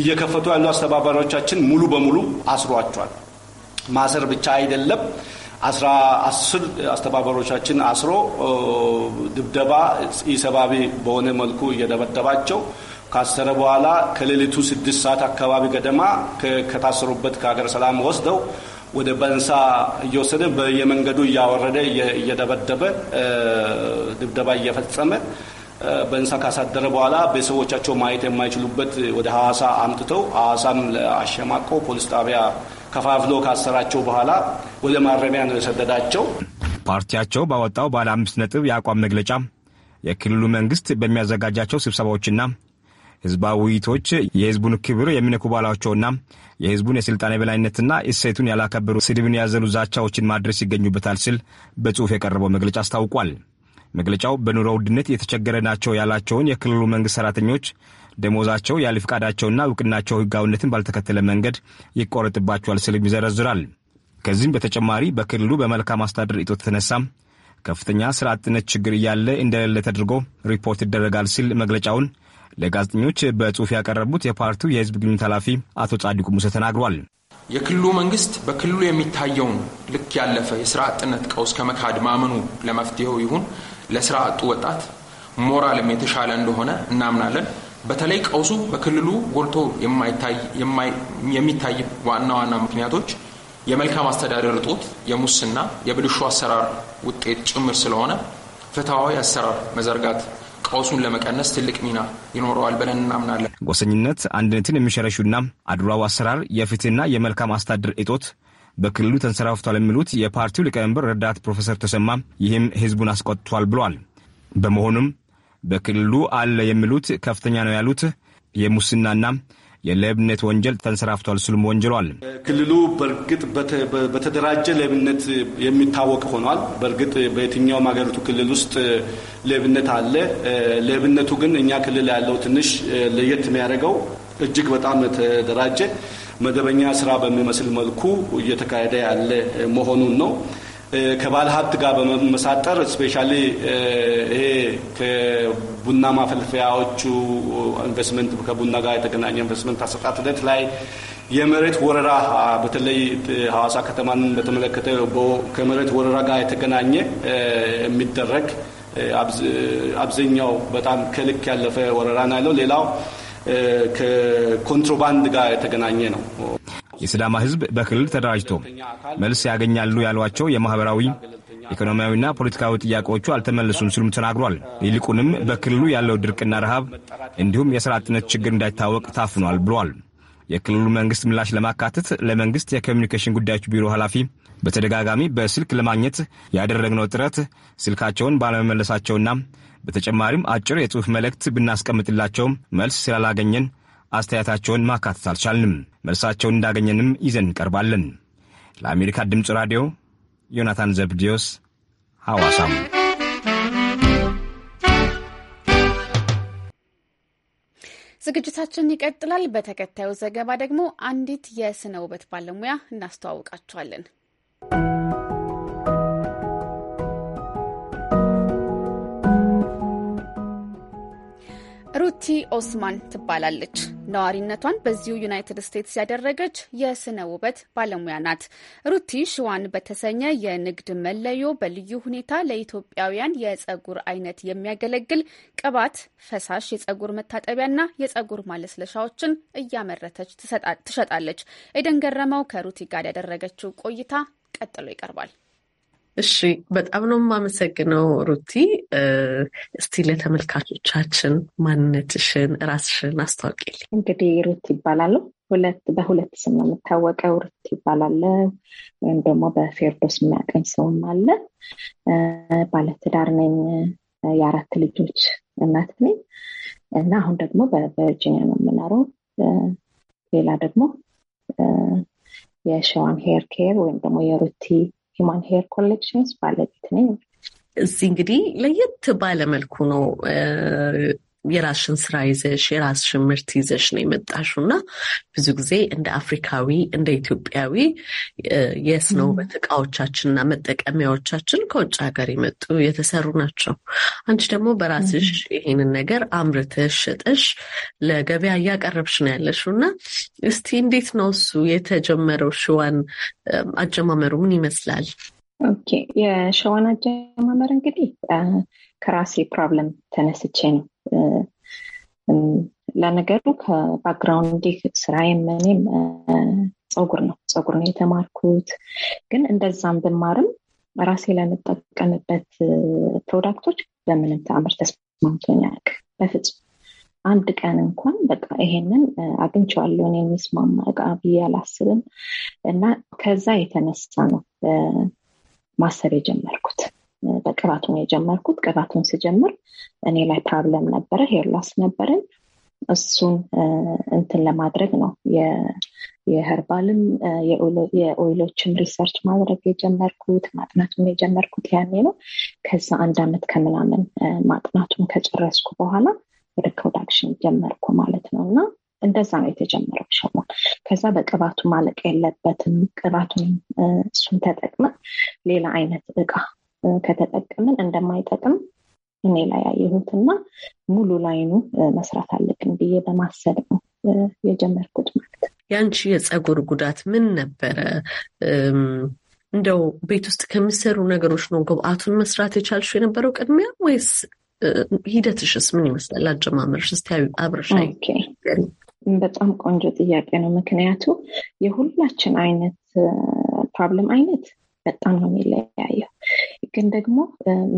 እየከፈቱ ያሉ አስተባባሪዎቻችን ሙሉ በሙሉ አስሯቸዋል። ማሰር ብቻ አይደለም አስራ አስር አስተባባሪዎቻችን አስሮ ድብደባ ኢሰብአዊ በሆነ መልኩ እየደበደባቸው ካሰረ በኋላ ከሌሊቱ ስድስት ሰዓት አካባቢ ገደማ ከታሰሩበት ከሀገር ሰላም ወስደው ወደ በንሳ እየወሰደ በየመንገዱ እያወረደ እየደበደበ ድብደባ እየፈጸመ በንሳ ካሳደረ በኋላ ቤተሰቦቻቸው ማየት የማይችሉበት ወደ ሀዋሳ አምጥተው ሐዋሳም አሸማቀው ፖሊስ ጣቢያ ከፋፍሎ ካሰራቸው በኋላ ወደ ማረሚያ ነው የሰደዳቸው። ፓርቲያቸው ባወጣው ባለ አምስት ነጥብ የአቋም መግለጫ የክልሉ መንግስት በሚያዘጋጃቸው ስብሰባዎችና ህዝባዊ ውይይቶች የህዝቡን ክብር የሚነኩ ባሏቸውና የህዝቡን የስልጣን የበላይነትና እሴቱን ያላከበሩ ስድብን ያዘሉ ዛቻዎችን ማድረስ ይገኙበታል ሲል በጽሑፍ የቀረበው መግለጫ አስታውቋል። መግለጫው በኑሮ ውድነት የተቸገረ ናቸው ያላቸውን የክልሉ መንግስት ሰራተኞች ደሞዛቸው ያለ ፍቃዳቸውና እውቅናቸው ህጋዊነትን ባልተከተለ መንገድ ይቆረጥባቸዋል ስልም ይዘረዝራል። ከዚህም በተጨማሪ በክልሉ በመልካም አስተዳደር እጦት የተነሳ ከፍተኛ ስራ አጥነት ችግር እያለ እንደሌለ ተደርጎ ሪፖርት ይደረጋል ሲል መግለጫውን ለጋዜጠኞች በጽሁፍ ያቀረቡት የፓርቲው የህዝብ ግንኙነት ኃላፊ አቶ ጻዲቁ ሙሰ ተናግሯል። የክልሉ መንግስት በክልሉ የሚታየውን ልክ ያለፈ የስራ አጥነት ቀውስ ከመካድ ማመኑ ለመፍትሄው ይሁን ለስራ አጡ ወጣት ሞራልም የተሻለ እንደሆነ እናምናለን። በተለይ ቀውሱ በክልሉ ጎልቶ የሚታይ ዋና ዋና ምክንያቶች የመልካም አስተዳደር እጦት፣ የሙስና፣ የብልሹ አሰራር ውጤት ጭምር ስለሆነ ፍትሐዊ አሰራር መዘርጋት ቀውሱን ለመቀነስ ትልቅ ሚና ይኖረዋል ብለን እናምናለን። ጎሰኝነት አንድነትን የሚሸረሹና አድሏዊ አሰራር፣ የፍትህና የመልካም አስተዳደር እጦት በክልሉ ተንሰራፍቷል የሚሉት የፓርቲው ሊቀመንበር ረዳት ፕሮፌሰር ተሰማ ይህም ህዝቡን አስቆጥቷል ብሏል። በመሆኑም በክልሉ አለ የሚሉት ከፍተኛ ነው ያሉት የሙስናና የሌብነት ወንጀል ተንሰራፍቷል ስሉም ወንጀሏል። ክልሉ በእርግጥ በተደራጀ ሌብነት የሚታወቅ ሆኗል። በእርግጥ በየትኛውም ሀገሪቱ ክልል ውስጥ ሌብነት አለ። ሌብነቱ ግን እኛ ክልል ያለው ትንሽ ለየት የሚያደርገው እጅግ በጣም ተደራጀ መደበኛ ስራ በሚመስል መልኩ እየተካሄደ ያለ መሆኑን ነው። ከባለ ሀብት ጋር በመመሳጠር ስፔሻሊ ይሄ ከቡና ማፈልፈያዎቹ ኢንቨስትመንት ከቡና ጋር የተገናኘ ኢንቨስትመንት አሰጣጥ ሂደት ላይ የመሬት ወረራ በተለይ ሐዋሳ ከተማን በተመለከተ ከመሬት ወረራ ጋር የተገናኘ የሚደረግ አብዛኛው በጣም ከልክ ያለፈ ወረራ ነው ያለው። ሌላው ከኮንትሮባንድ ጋር የተገናኘ ነው። የስዳማ ህዝብ በክልል ተደራጅቶ መልስ ያገኛሉ ያሏቸው የማህበራዊ ኢኮኖሚያዊና ፖለቲካዊ ጥያቄዎቹ አልተመለሱም ሲሉም ተናግሯል። ይልቁንም በክልሉ ያለው ድርቅና ረሃብ እንዲሁም የስራ አጥነት ችግር እንዳይታወቅ ታፍኗል ብሏል። የክልሉ መንግስት ምላሽ ለማካተት ለመንግስት የኮሚኒኬሽን ጉዳዮች ቢሮ ኃላፊ በተደጋጋሚ በስልክ ለማግኘት ያደረግነው ጥረት ስልካቸውን ባለመመለሳቸውና በተጨማሪም አጭር የጽሑፍ መልእክት ብናስቀምጥላቸው መልስ ስላላገኘን አስተያየታቸውን ማካተት አልቻልንም። መልሳቸውን እንዳገኘንም ይዘን እንቀርባለን። ለአሜሪካ ድምፅ ራዲዮ ዮናታን ዘብዲዮስ ሐዋሳም ዝግጅታችን ይቀጥላል። በተከታዩ ዘገባ ደግሞ አንዲት የስነ ውበት ባለሙያ እናስተዋውቃችኋለን። ቲ ኦስማን ትባላለች። ነዋሪነቷን በዚሁ ዩናይትድ ስቴትስ ያደረገች የስነ ውበት ባለሙያ ናት። ሩቲ ሽዋን በተሰኘ የንግድ መለዮ በልዩ ሁኔታ ለኢትዮጵያውያን የጸጉር አይነት የሚያገለግል ቅባት፣ ፈሳሽ የጸጉር መታጠቢያና የጸጉር ማለስለሻዎችን እያመረተች ትሸጣለች። ኤደን ገረመው ከሩቲ ጋር ያደረገችው ቆይታ ቀጥሎ ይቀርባል። እሺ በጣም ነው የማመሰግነው ሩቲ። እስቲ ለተመልካቾቻችን ማንነትሽን ራስሽን አስታውቂልኝ። እንግዲህ ሩቲ ይባላሉ። ሁለት በሁለት ስም ነው የምታወቀው። ሩቲ ይባላለ ወይም ደግሞ በፌርዶስ የሚያቀኝ ሰውም አለ። ባለትዳር ነኝ። የአራት ልጆች እናት ነኝ እና አሁን ደግሞ በቨርጂኒያ ነው የምኖረው። ሌላ ደግሞ የሸዋን ሄር ኬር ወይም ደግሞ የሩቲ ሂማን ሄር ኮሌክሽንስ ባለቤት ነኝ። እዚህ እንግዲህ ለየት ባለመልኩ ነው የራስሽን ስራ ይዘሽ የራስሽን ምርት ይዘሽ ነው የመጣሹ እና ብዙ ጊዜ እንደ አፍሪካዊ እንደ ኢትዮጵያዊ የስነው በተቃዎቻችንና መጠቀሚያዎቻችን ከውጭ ሀገር የመጡ የተሰሩ ናቸው። አንቺ ደግሞ በራስሽ ይሄንን ነገር አምርተሽ ሸጠሽ ለገበያ እያቀረብሽ ነው ያለሽው እና እስቲ እንዴት ነው እሱ የተጀመረው? ሽዋን አጀማመሩ ምን ይመስላል? ኦኬ የሸዋን አጀማመር እንግዲህ ከራሴ ፕሮብለም ተነስቼ ነው ለነገሩ ከባክግራውንድ ስራ የመኔም ፀጉር ነው ፀጉር ነው የተማርኩት ግን እንደዛም ብማርም ራሴ ለምጠቀምበት ፕሮዳክቶች በምንም ተአምር ተስማምቶኝ በፍጹም አንድ ቀን እንኳን በቃ ይሄንን አግኝቼዋለሁን የሚስማማ እቃ ብዬ አላስብም እና ከዛ የተነሳ ነው ማሰብ የጀመርኩት በቅባቱን የጀመርኩት። ቅባቱን ስጀምር እኔ ላይ ፕሮብለም ነበረ፣ ሄር ሎስ ነበረኝ። እሱን እንትን ለማድረግ ነው የህርባልም የኦይሎችም ሪሰርች ማድረግ የጀመርኩት ማጥናቱም የጀመርኩት ያኔ ነው። ከዛ አንድ አመት ከምናምን ማጥናቱን ከጨረስኩ በኋላ ወደ ፕሮዳክሽን ጀመርኩ ማለት ነው እና እንደዛ ነው የተጀመረው ሸሞ ከዛ በቅባቱ ማለቅ የለበትም ቅባቱን እሱን ተጠቅመ ሌላ አይነት እቃ ከተጠቀምን እንደማይጠቅም እኔ ላይ እና ሙሉ ላይኑ መስራት አለብን ብዬ በማሰብ ነው የጀመርኩት ማለት ያንቺ የፀጉር ጉዳት ምን ነበረ? እንደው ቤት ውስጥ ከሚሰሩ ነገሮች ነው ግብአቱን መስራት የቻልሽው የነበረው ቅድሚያ ወይስ ሂደትሽስ ምን ይመስላል? አጀማመርሽ እስቲ አብረሻ። በጣም ቆንጆ ጥያቄ ነው። ምክንያቱ የሁላችን አይነት ፕሮብለም አይነት በጣም ነው የሚለያየው። ግን ደግሞ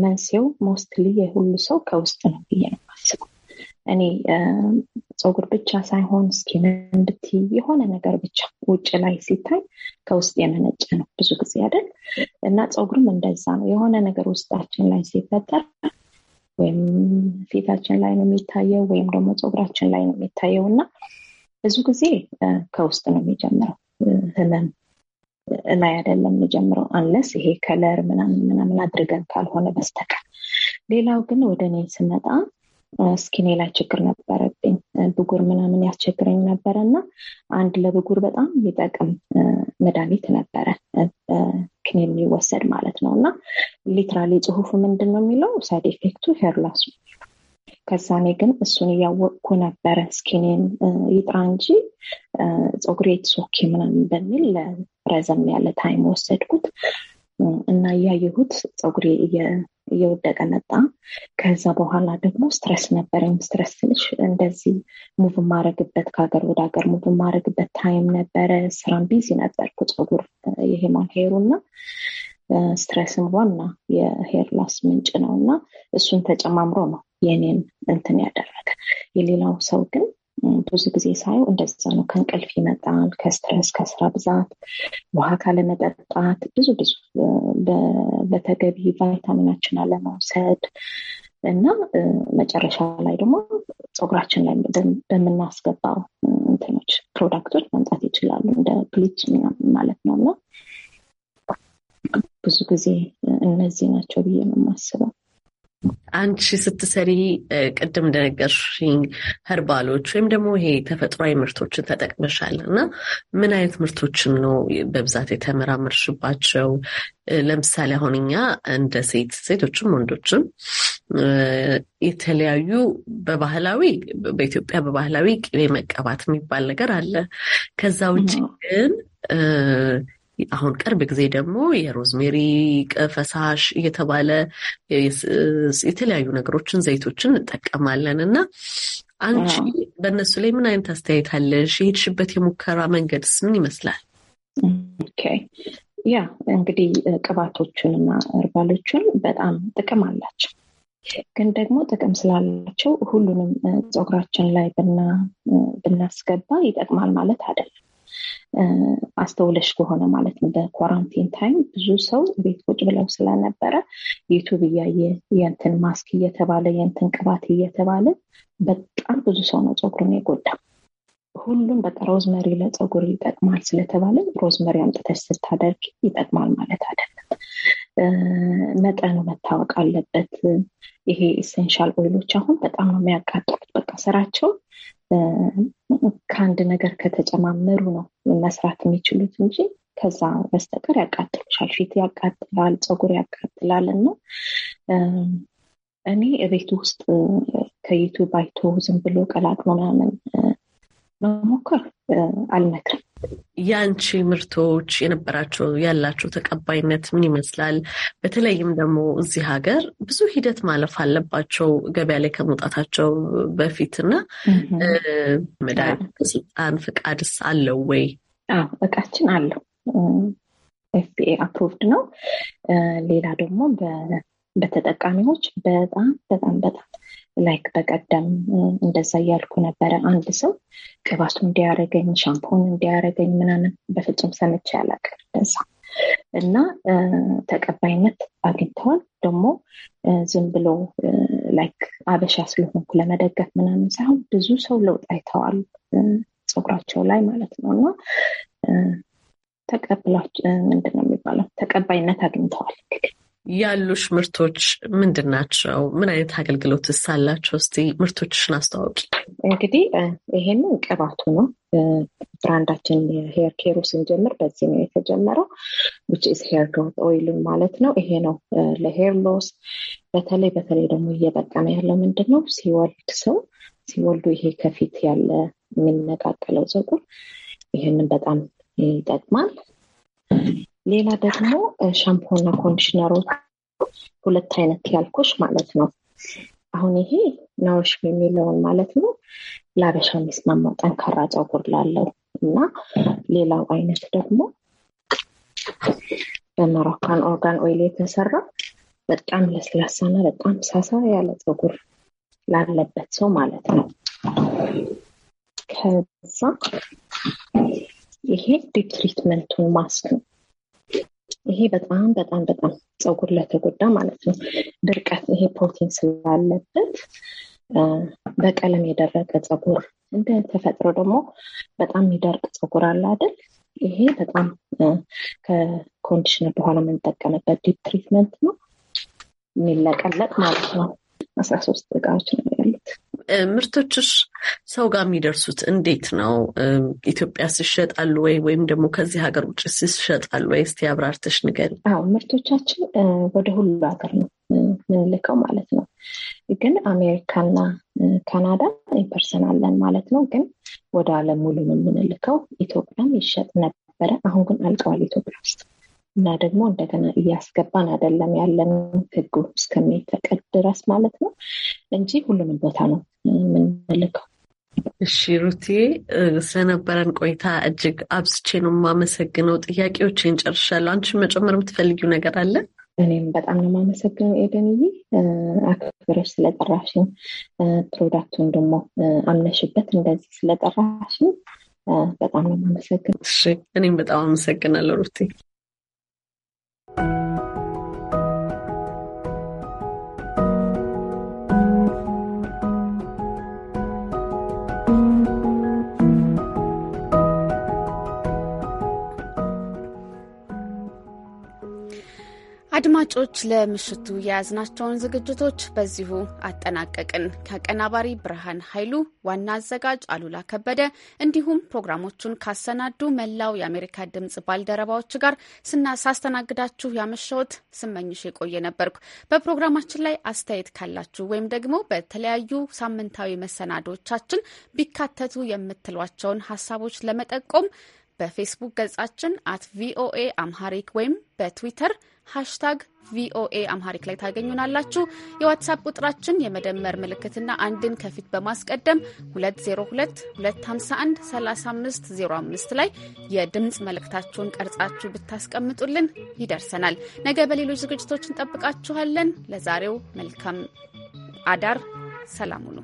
መንስኤው ሞስትሊ የሁሉ ሰው ከውስጥ ነው ብዬ ነው ማስበው። እኔ ፀጉር ብቻ ሳይሆን ስኪን እንድት የሆነ ነገር ብቻ ውጭ ላይ ሲታይ ከውስጥ የመነጨ ነው ብዙ ጊዜ አይደል? እና ፀጉርም እንደዛ ነው። የሆነ ነገር ውስጣችን ላይ ሲፈጠር ወይም ፊታችን ላይ ነው የሚታየው ወይም ደግሞ ፀጉራችን ላይ ነው የሚታየው እና ብዙ ጊዜ ከውስጥ ነው የሚጀምረው ህመም ላይ አይደለም የሚጀምረው አንለስ ይሄ ከለር ምናምን ምናምን አድርገን ካልሆነ በስተቀር ሌላው ግን ወደ እኔ ስመጣ ስኪኔ ላይ ችግር ነበረብኝ። ብጉር ምናምን ያስቸግረኝ ነበረ እና አንድ ለብጉር በጣም የሚጠቅም መድኃኒት ነበረ ክን የሚወሰድ ማለት ነው እና ሊትራሊ ጽሁፉ ምንድን ነው የሚለው ሳይድ ኤፌክቱ ሄርላሱ ከዛ ግን እሱን እያወቅኩ ነበረ ስኪኔን ይጥራ እንጂ ፀጉሬ የተሶኬ ምናምን በሚል ረዘም ያለ ታይም ወሰድኩት እና እያየሁት ፀጉሪ እየወደቀ መጣ። ከዛ በኋላ ደግሞ ስትረስ ነበረኝ። ስትረስ ትንሽ እንደዚህ ሙቭ ማረግበት ከሀገር ወደ ሀገር ሙቭ ማረግበት ታይም ነበረ። ስራም ቢዚ ነበርኩ። ፀጉር የሄማን ሄሩ እና ስትረስም ዋና የሄር ላስ ምንጭ ነው እና እሱን ተጨማምሮ ነው የኔን እንትን ያደረገ የሌላው ሰው ግን ብዙ ጊዜ ሳየው እንደዛ ነው። ከእንቅልፍ ይመጣል፣ ከስትረስ፣ ከስራ ብዛት፣ ውሃ ካለመጠጣት፣ ብዙ ብዙ በተገቢ ቫይታሚናችን አለመውሰድ እና መጨረሻ ላይ ደግሞ ፀጉራችን ላይ በምናስገባው እንትኖች ፕሮዳክቶች መምጣት ይችላሉ እንደ ብሊች ማለት ነው እና ብዙ ጊዜ እነዚህ ናቸው ብዬ ነው የማስበው። አንቺ ስትሰሪ ቅድም እንደነገርሽኝ ኸርባሎች ወይም ደግሞ ይሄ ተፈጥሯዊ ምርቶችን ተጠቅመሻል እና ምን አይነት ምርቶችን ነው በብዛት የተመራመርሽባቸው? ለምሳሌ አሁን እኛ እንደ ሴት ሴቶችም ወንዶችም የተለያዩ በባህላዊ በኢትዮጵያ በባህላዊ ቅቤ መቀባት የሚባል ነገር አለ። ከዛ ውጭ ግን አሁን ቅርብ ጊዜ ደግሞ የሮዝሜሪ ፈሳሽ እየተባለ የተለያዩ ነገሮችን ዘይቶችን እንጠቀማለን እና አንቺ በእነሱ ላይ ምን አይነት አስተያየት አለሽ? የሄድሽበት የሙከራ መንገድስ ምን ይመስላል? ያ እንግዲህ ቅባቶቹን እና እርባሎቹን በጣም ጥቅም አላቸው። ግን ደግሞ ጥቅም ስላላቸው ሁሉንም ፀጉራችን ላይ ብናስገባ ይጠቅማል ማለት አይደለም። አስተውለሽ ከሆነ ማለት ነው በኳራንቲን ታይም ብዙ ሰው ቤት ቁጭ ብለው ስለነበረ ዩቱብ እያየ የንትን ማስክ እየተባለ የንትን ቅባት እየተባለ በጣም ብዙ ሰው ነው ፀጉሩን የጎዳ። ሁሉም በቃ ሮዝመሪ ለፀጉር ይጠቅማል ስለተባለ ሮዝመሪ አምጥተሽ ስታደርግ ይጠቅማል ማለት አይደለም። መጠኑ መታወቅ አለበት። ይሄ ኢሴንሻል ኦይሎች አሁን በጣም ነው የሚያቃጥሉት። በቃ ስራቸው ከአንድ ነገር ከተጨማመሩ ነው መስራት የሚችሉት እንጂ ከዛ በስተቀር ያቃጥሉሻል። ፊት ያቃጥላል፣ ፀጉር ያቃጥላል እና እኔ ቤት ውስጥ ከዩቱብ አይቶ ዝም ብሎ ቀላቅሎ ምናምን መሞከር አልመክርም። የአንቺ ምርቶች የነበራቸው ያላቸው ተቀባይነት ምን ይመስላል? በተለይም ደግሞ እዚህ ሀገር ብዙ ሂደት ማለፍ አለባቸው ገበያ ላይ ከመውጣታቸው በፊት እና መድኃኒት ስልጣን ፈቃድስ አለው ወይ? እቃችን አለው ኤፍፒኤ አፕሮቭድ ነው። ሌላ ደግሞ በተጠቃሚዎች በጣም በጣም በጣም ላይክ በቀደም እንደዛ እያልኩ ነበረ። አንድ ሰው ቅባቱ እንዲያረገኝ ሻምፖን እንዲያረገኝ ምናምን በፍጹም ሰምቼ አላውቅም እና ተቀባይነት አግኝተዋል። ደግሞ ዝም ብሎ ላይክ አበሻ ስለሆንኩ ለመደገፍ ምናምን ሳይሆን ብዙ ሰው ለውጥ አይተዋል ፀጉራቸው ላይ ማለት ነው እና ተቀብላች ምንድነው የሚባለው ተቀባይነት አግኝተዋል እንግዲህ ያሉሽ ምርቶች ምንድን ናቸው? ምን አይነት አገልግሎት ሳላቸው? እስቲ ምርቶችሽን አስተዋውቂ። እንግዲህ ይሄንን ቅባቱ ነው። ብራንዳችን ሄር ኬሩ ስንጀምር በዚህ ነው የተጀመረው። ዊች ኢዝ ሄር ግሮት ኦይል ማለት ነው። ይሄ ነው ለሄር ሎስ። በተለይ በተለይ ደግሞ እየጠቀመ ያለው ምንድን ነው ሲወልድ ሰው ሲወልዱ ይሄ ከፊት ያለ የሚነቃቀለው ፀጉር ይሄንን በጣም ይጠቅማል። ሌላ ደግሞ ሻምፖና ኮንዲሽነሮች ሁለት አይነት ያልኩሽ ማለት ነው። አሁን ይሄ ናዎሽ የሚለውን ማለት ነው ለአበሻ የሚስማማ ጠንካራ ፀጉር ላለው እና ሌላው አይነት ደግሞ በመሮካን ኦርጋን ኦይል የተሰራ በጣም ለስላሳና በጣም ሳሳ ያለ ፀጉር ላለበት ሰው ማለት ነው። ከዛ ይሄ ዲፕ ትሪትመንቱን ማስክ ነው። ይሄ በጣም በጣም በጣም ፀጉር ለተጎዳ ማለት ነው ድርቀት፣ ይሄ ፕሮቲን ስላለበት በቀለም የደረቀ ፀጉር እንደ ተፈጥሮ ደግሞ በጣም የሚደርቅ ፀጉር አለ አይደል? ይሄ በጣም ከኮንዲሽነር በኋላ የምንጠቀምበት ዲፕ ትሪትመንት ነው የሚለቀለቅ ማለት ነው። አስራ ሶስት እቃዎች ነው ያሉ ምርቶችሽ ሰው ጋር የሚደርሱት እንዴት ነው? ኢትዮጵያ ስሸጣሉ ወይ? ወይም ደግሞ ከዚህ ሀገር ውጭ ይሸጣሉ ወይ? እስቲ አብራርተሽ ንገሪ። አዎ ምርቶቻችን ወደ ሁሉ ሀገር ነው ምንልከው ማለት ነው። ግን አሜሪካና ካናዳ ኢምፐርሰን ማለት ነው። ግን ወደ አለም ሙሉ ነው የምንልከው። ኢትዮጵያም ይሸጥ ነበረ። አሁን ግን አልቀዋል ኢትዮጵያ ውስጥ እና ደግሞ እንደገና እያስገባን አይደለም ያለን ህጉ እስከሚፈቀድ ድረስ ማለት ነው እንጂ ሁሉንም ቦታ ነው የምንልከው። እሺ ሩቴ፣ ስለነበረን ቆይታ እጅግ አብዝቼ ነው የማመሰግነው። ጥያቄዎችን ጨርሻለሁ። አንቺ መጨመር የምትፈልጊው ነገር አለ? እኔም በጣም ነው የማመሰግነው ኤደንዬ፣ አክብሮች ስለጠራሽን፣ ፕሮዳክቱን ደግሞ አምነሽበት እንደዚህ ስለጠራሽን በጣም ነው የማመሰግነው። እሺ፣ እኔም በጣም አመሰግናለሁ ሩቴ። አድማጮች ለምሽቱ የያዝናቸውን ዝግጅቶች በዚሁ አጠናቀቅን። ከአቀናባሪ ብርሃን ኃይሉ፣ ዋና አዘጋጅ አሉላ ከበደ እንዲሁም ፕሮግራሞቹን ካሰናዱ መላው የአሜሪካ ድምጽ ባልደረባዎች ጋር ሳስተናግዳችሁ ያመሸሁት ስመኝሽ የቆየ ነበርኩ። በፕሮግራማችን ላይ አስተያየት ካላችሁ ወይም ደግሞ በተለያዩ ሳምንታዊ መሰናዶቻችን ቢካተቱ የምትሏቸውን ሀሳቦች ለመጠቆም በፌስቡክ ገጻችን አት ቪኦኤ አምሃሪክ ወይም በትዊተር ሃሽታግ ቪኦኤ አምሃሪክ ላይ ታገኙናላችሁ። የዋትሳፕ ቁጥራችን የመደመር ምልክትና አንድን ከፊት በማስቀደም 2022513505 ላይ የድምፅ መልእክታችሁን ቀርጻችሁ ብታስቀምጡልን ይደርሰናል። ነገ በሌሎች ዝግጅቶች እንጠብቃችኋለን። ለዛሬው መልካም አዳር፣ ሰላም ሁኑ።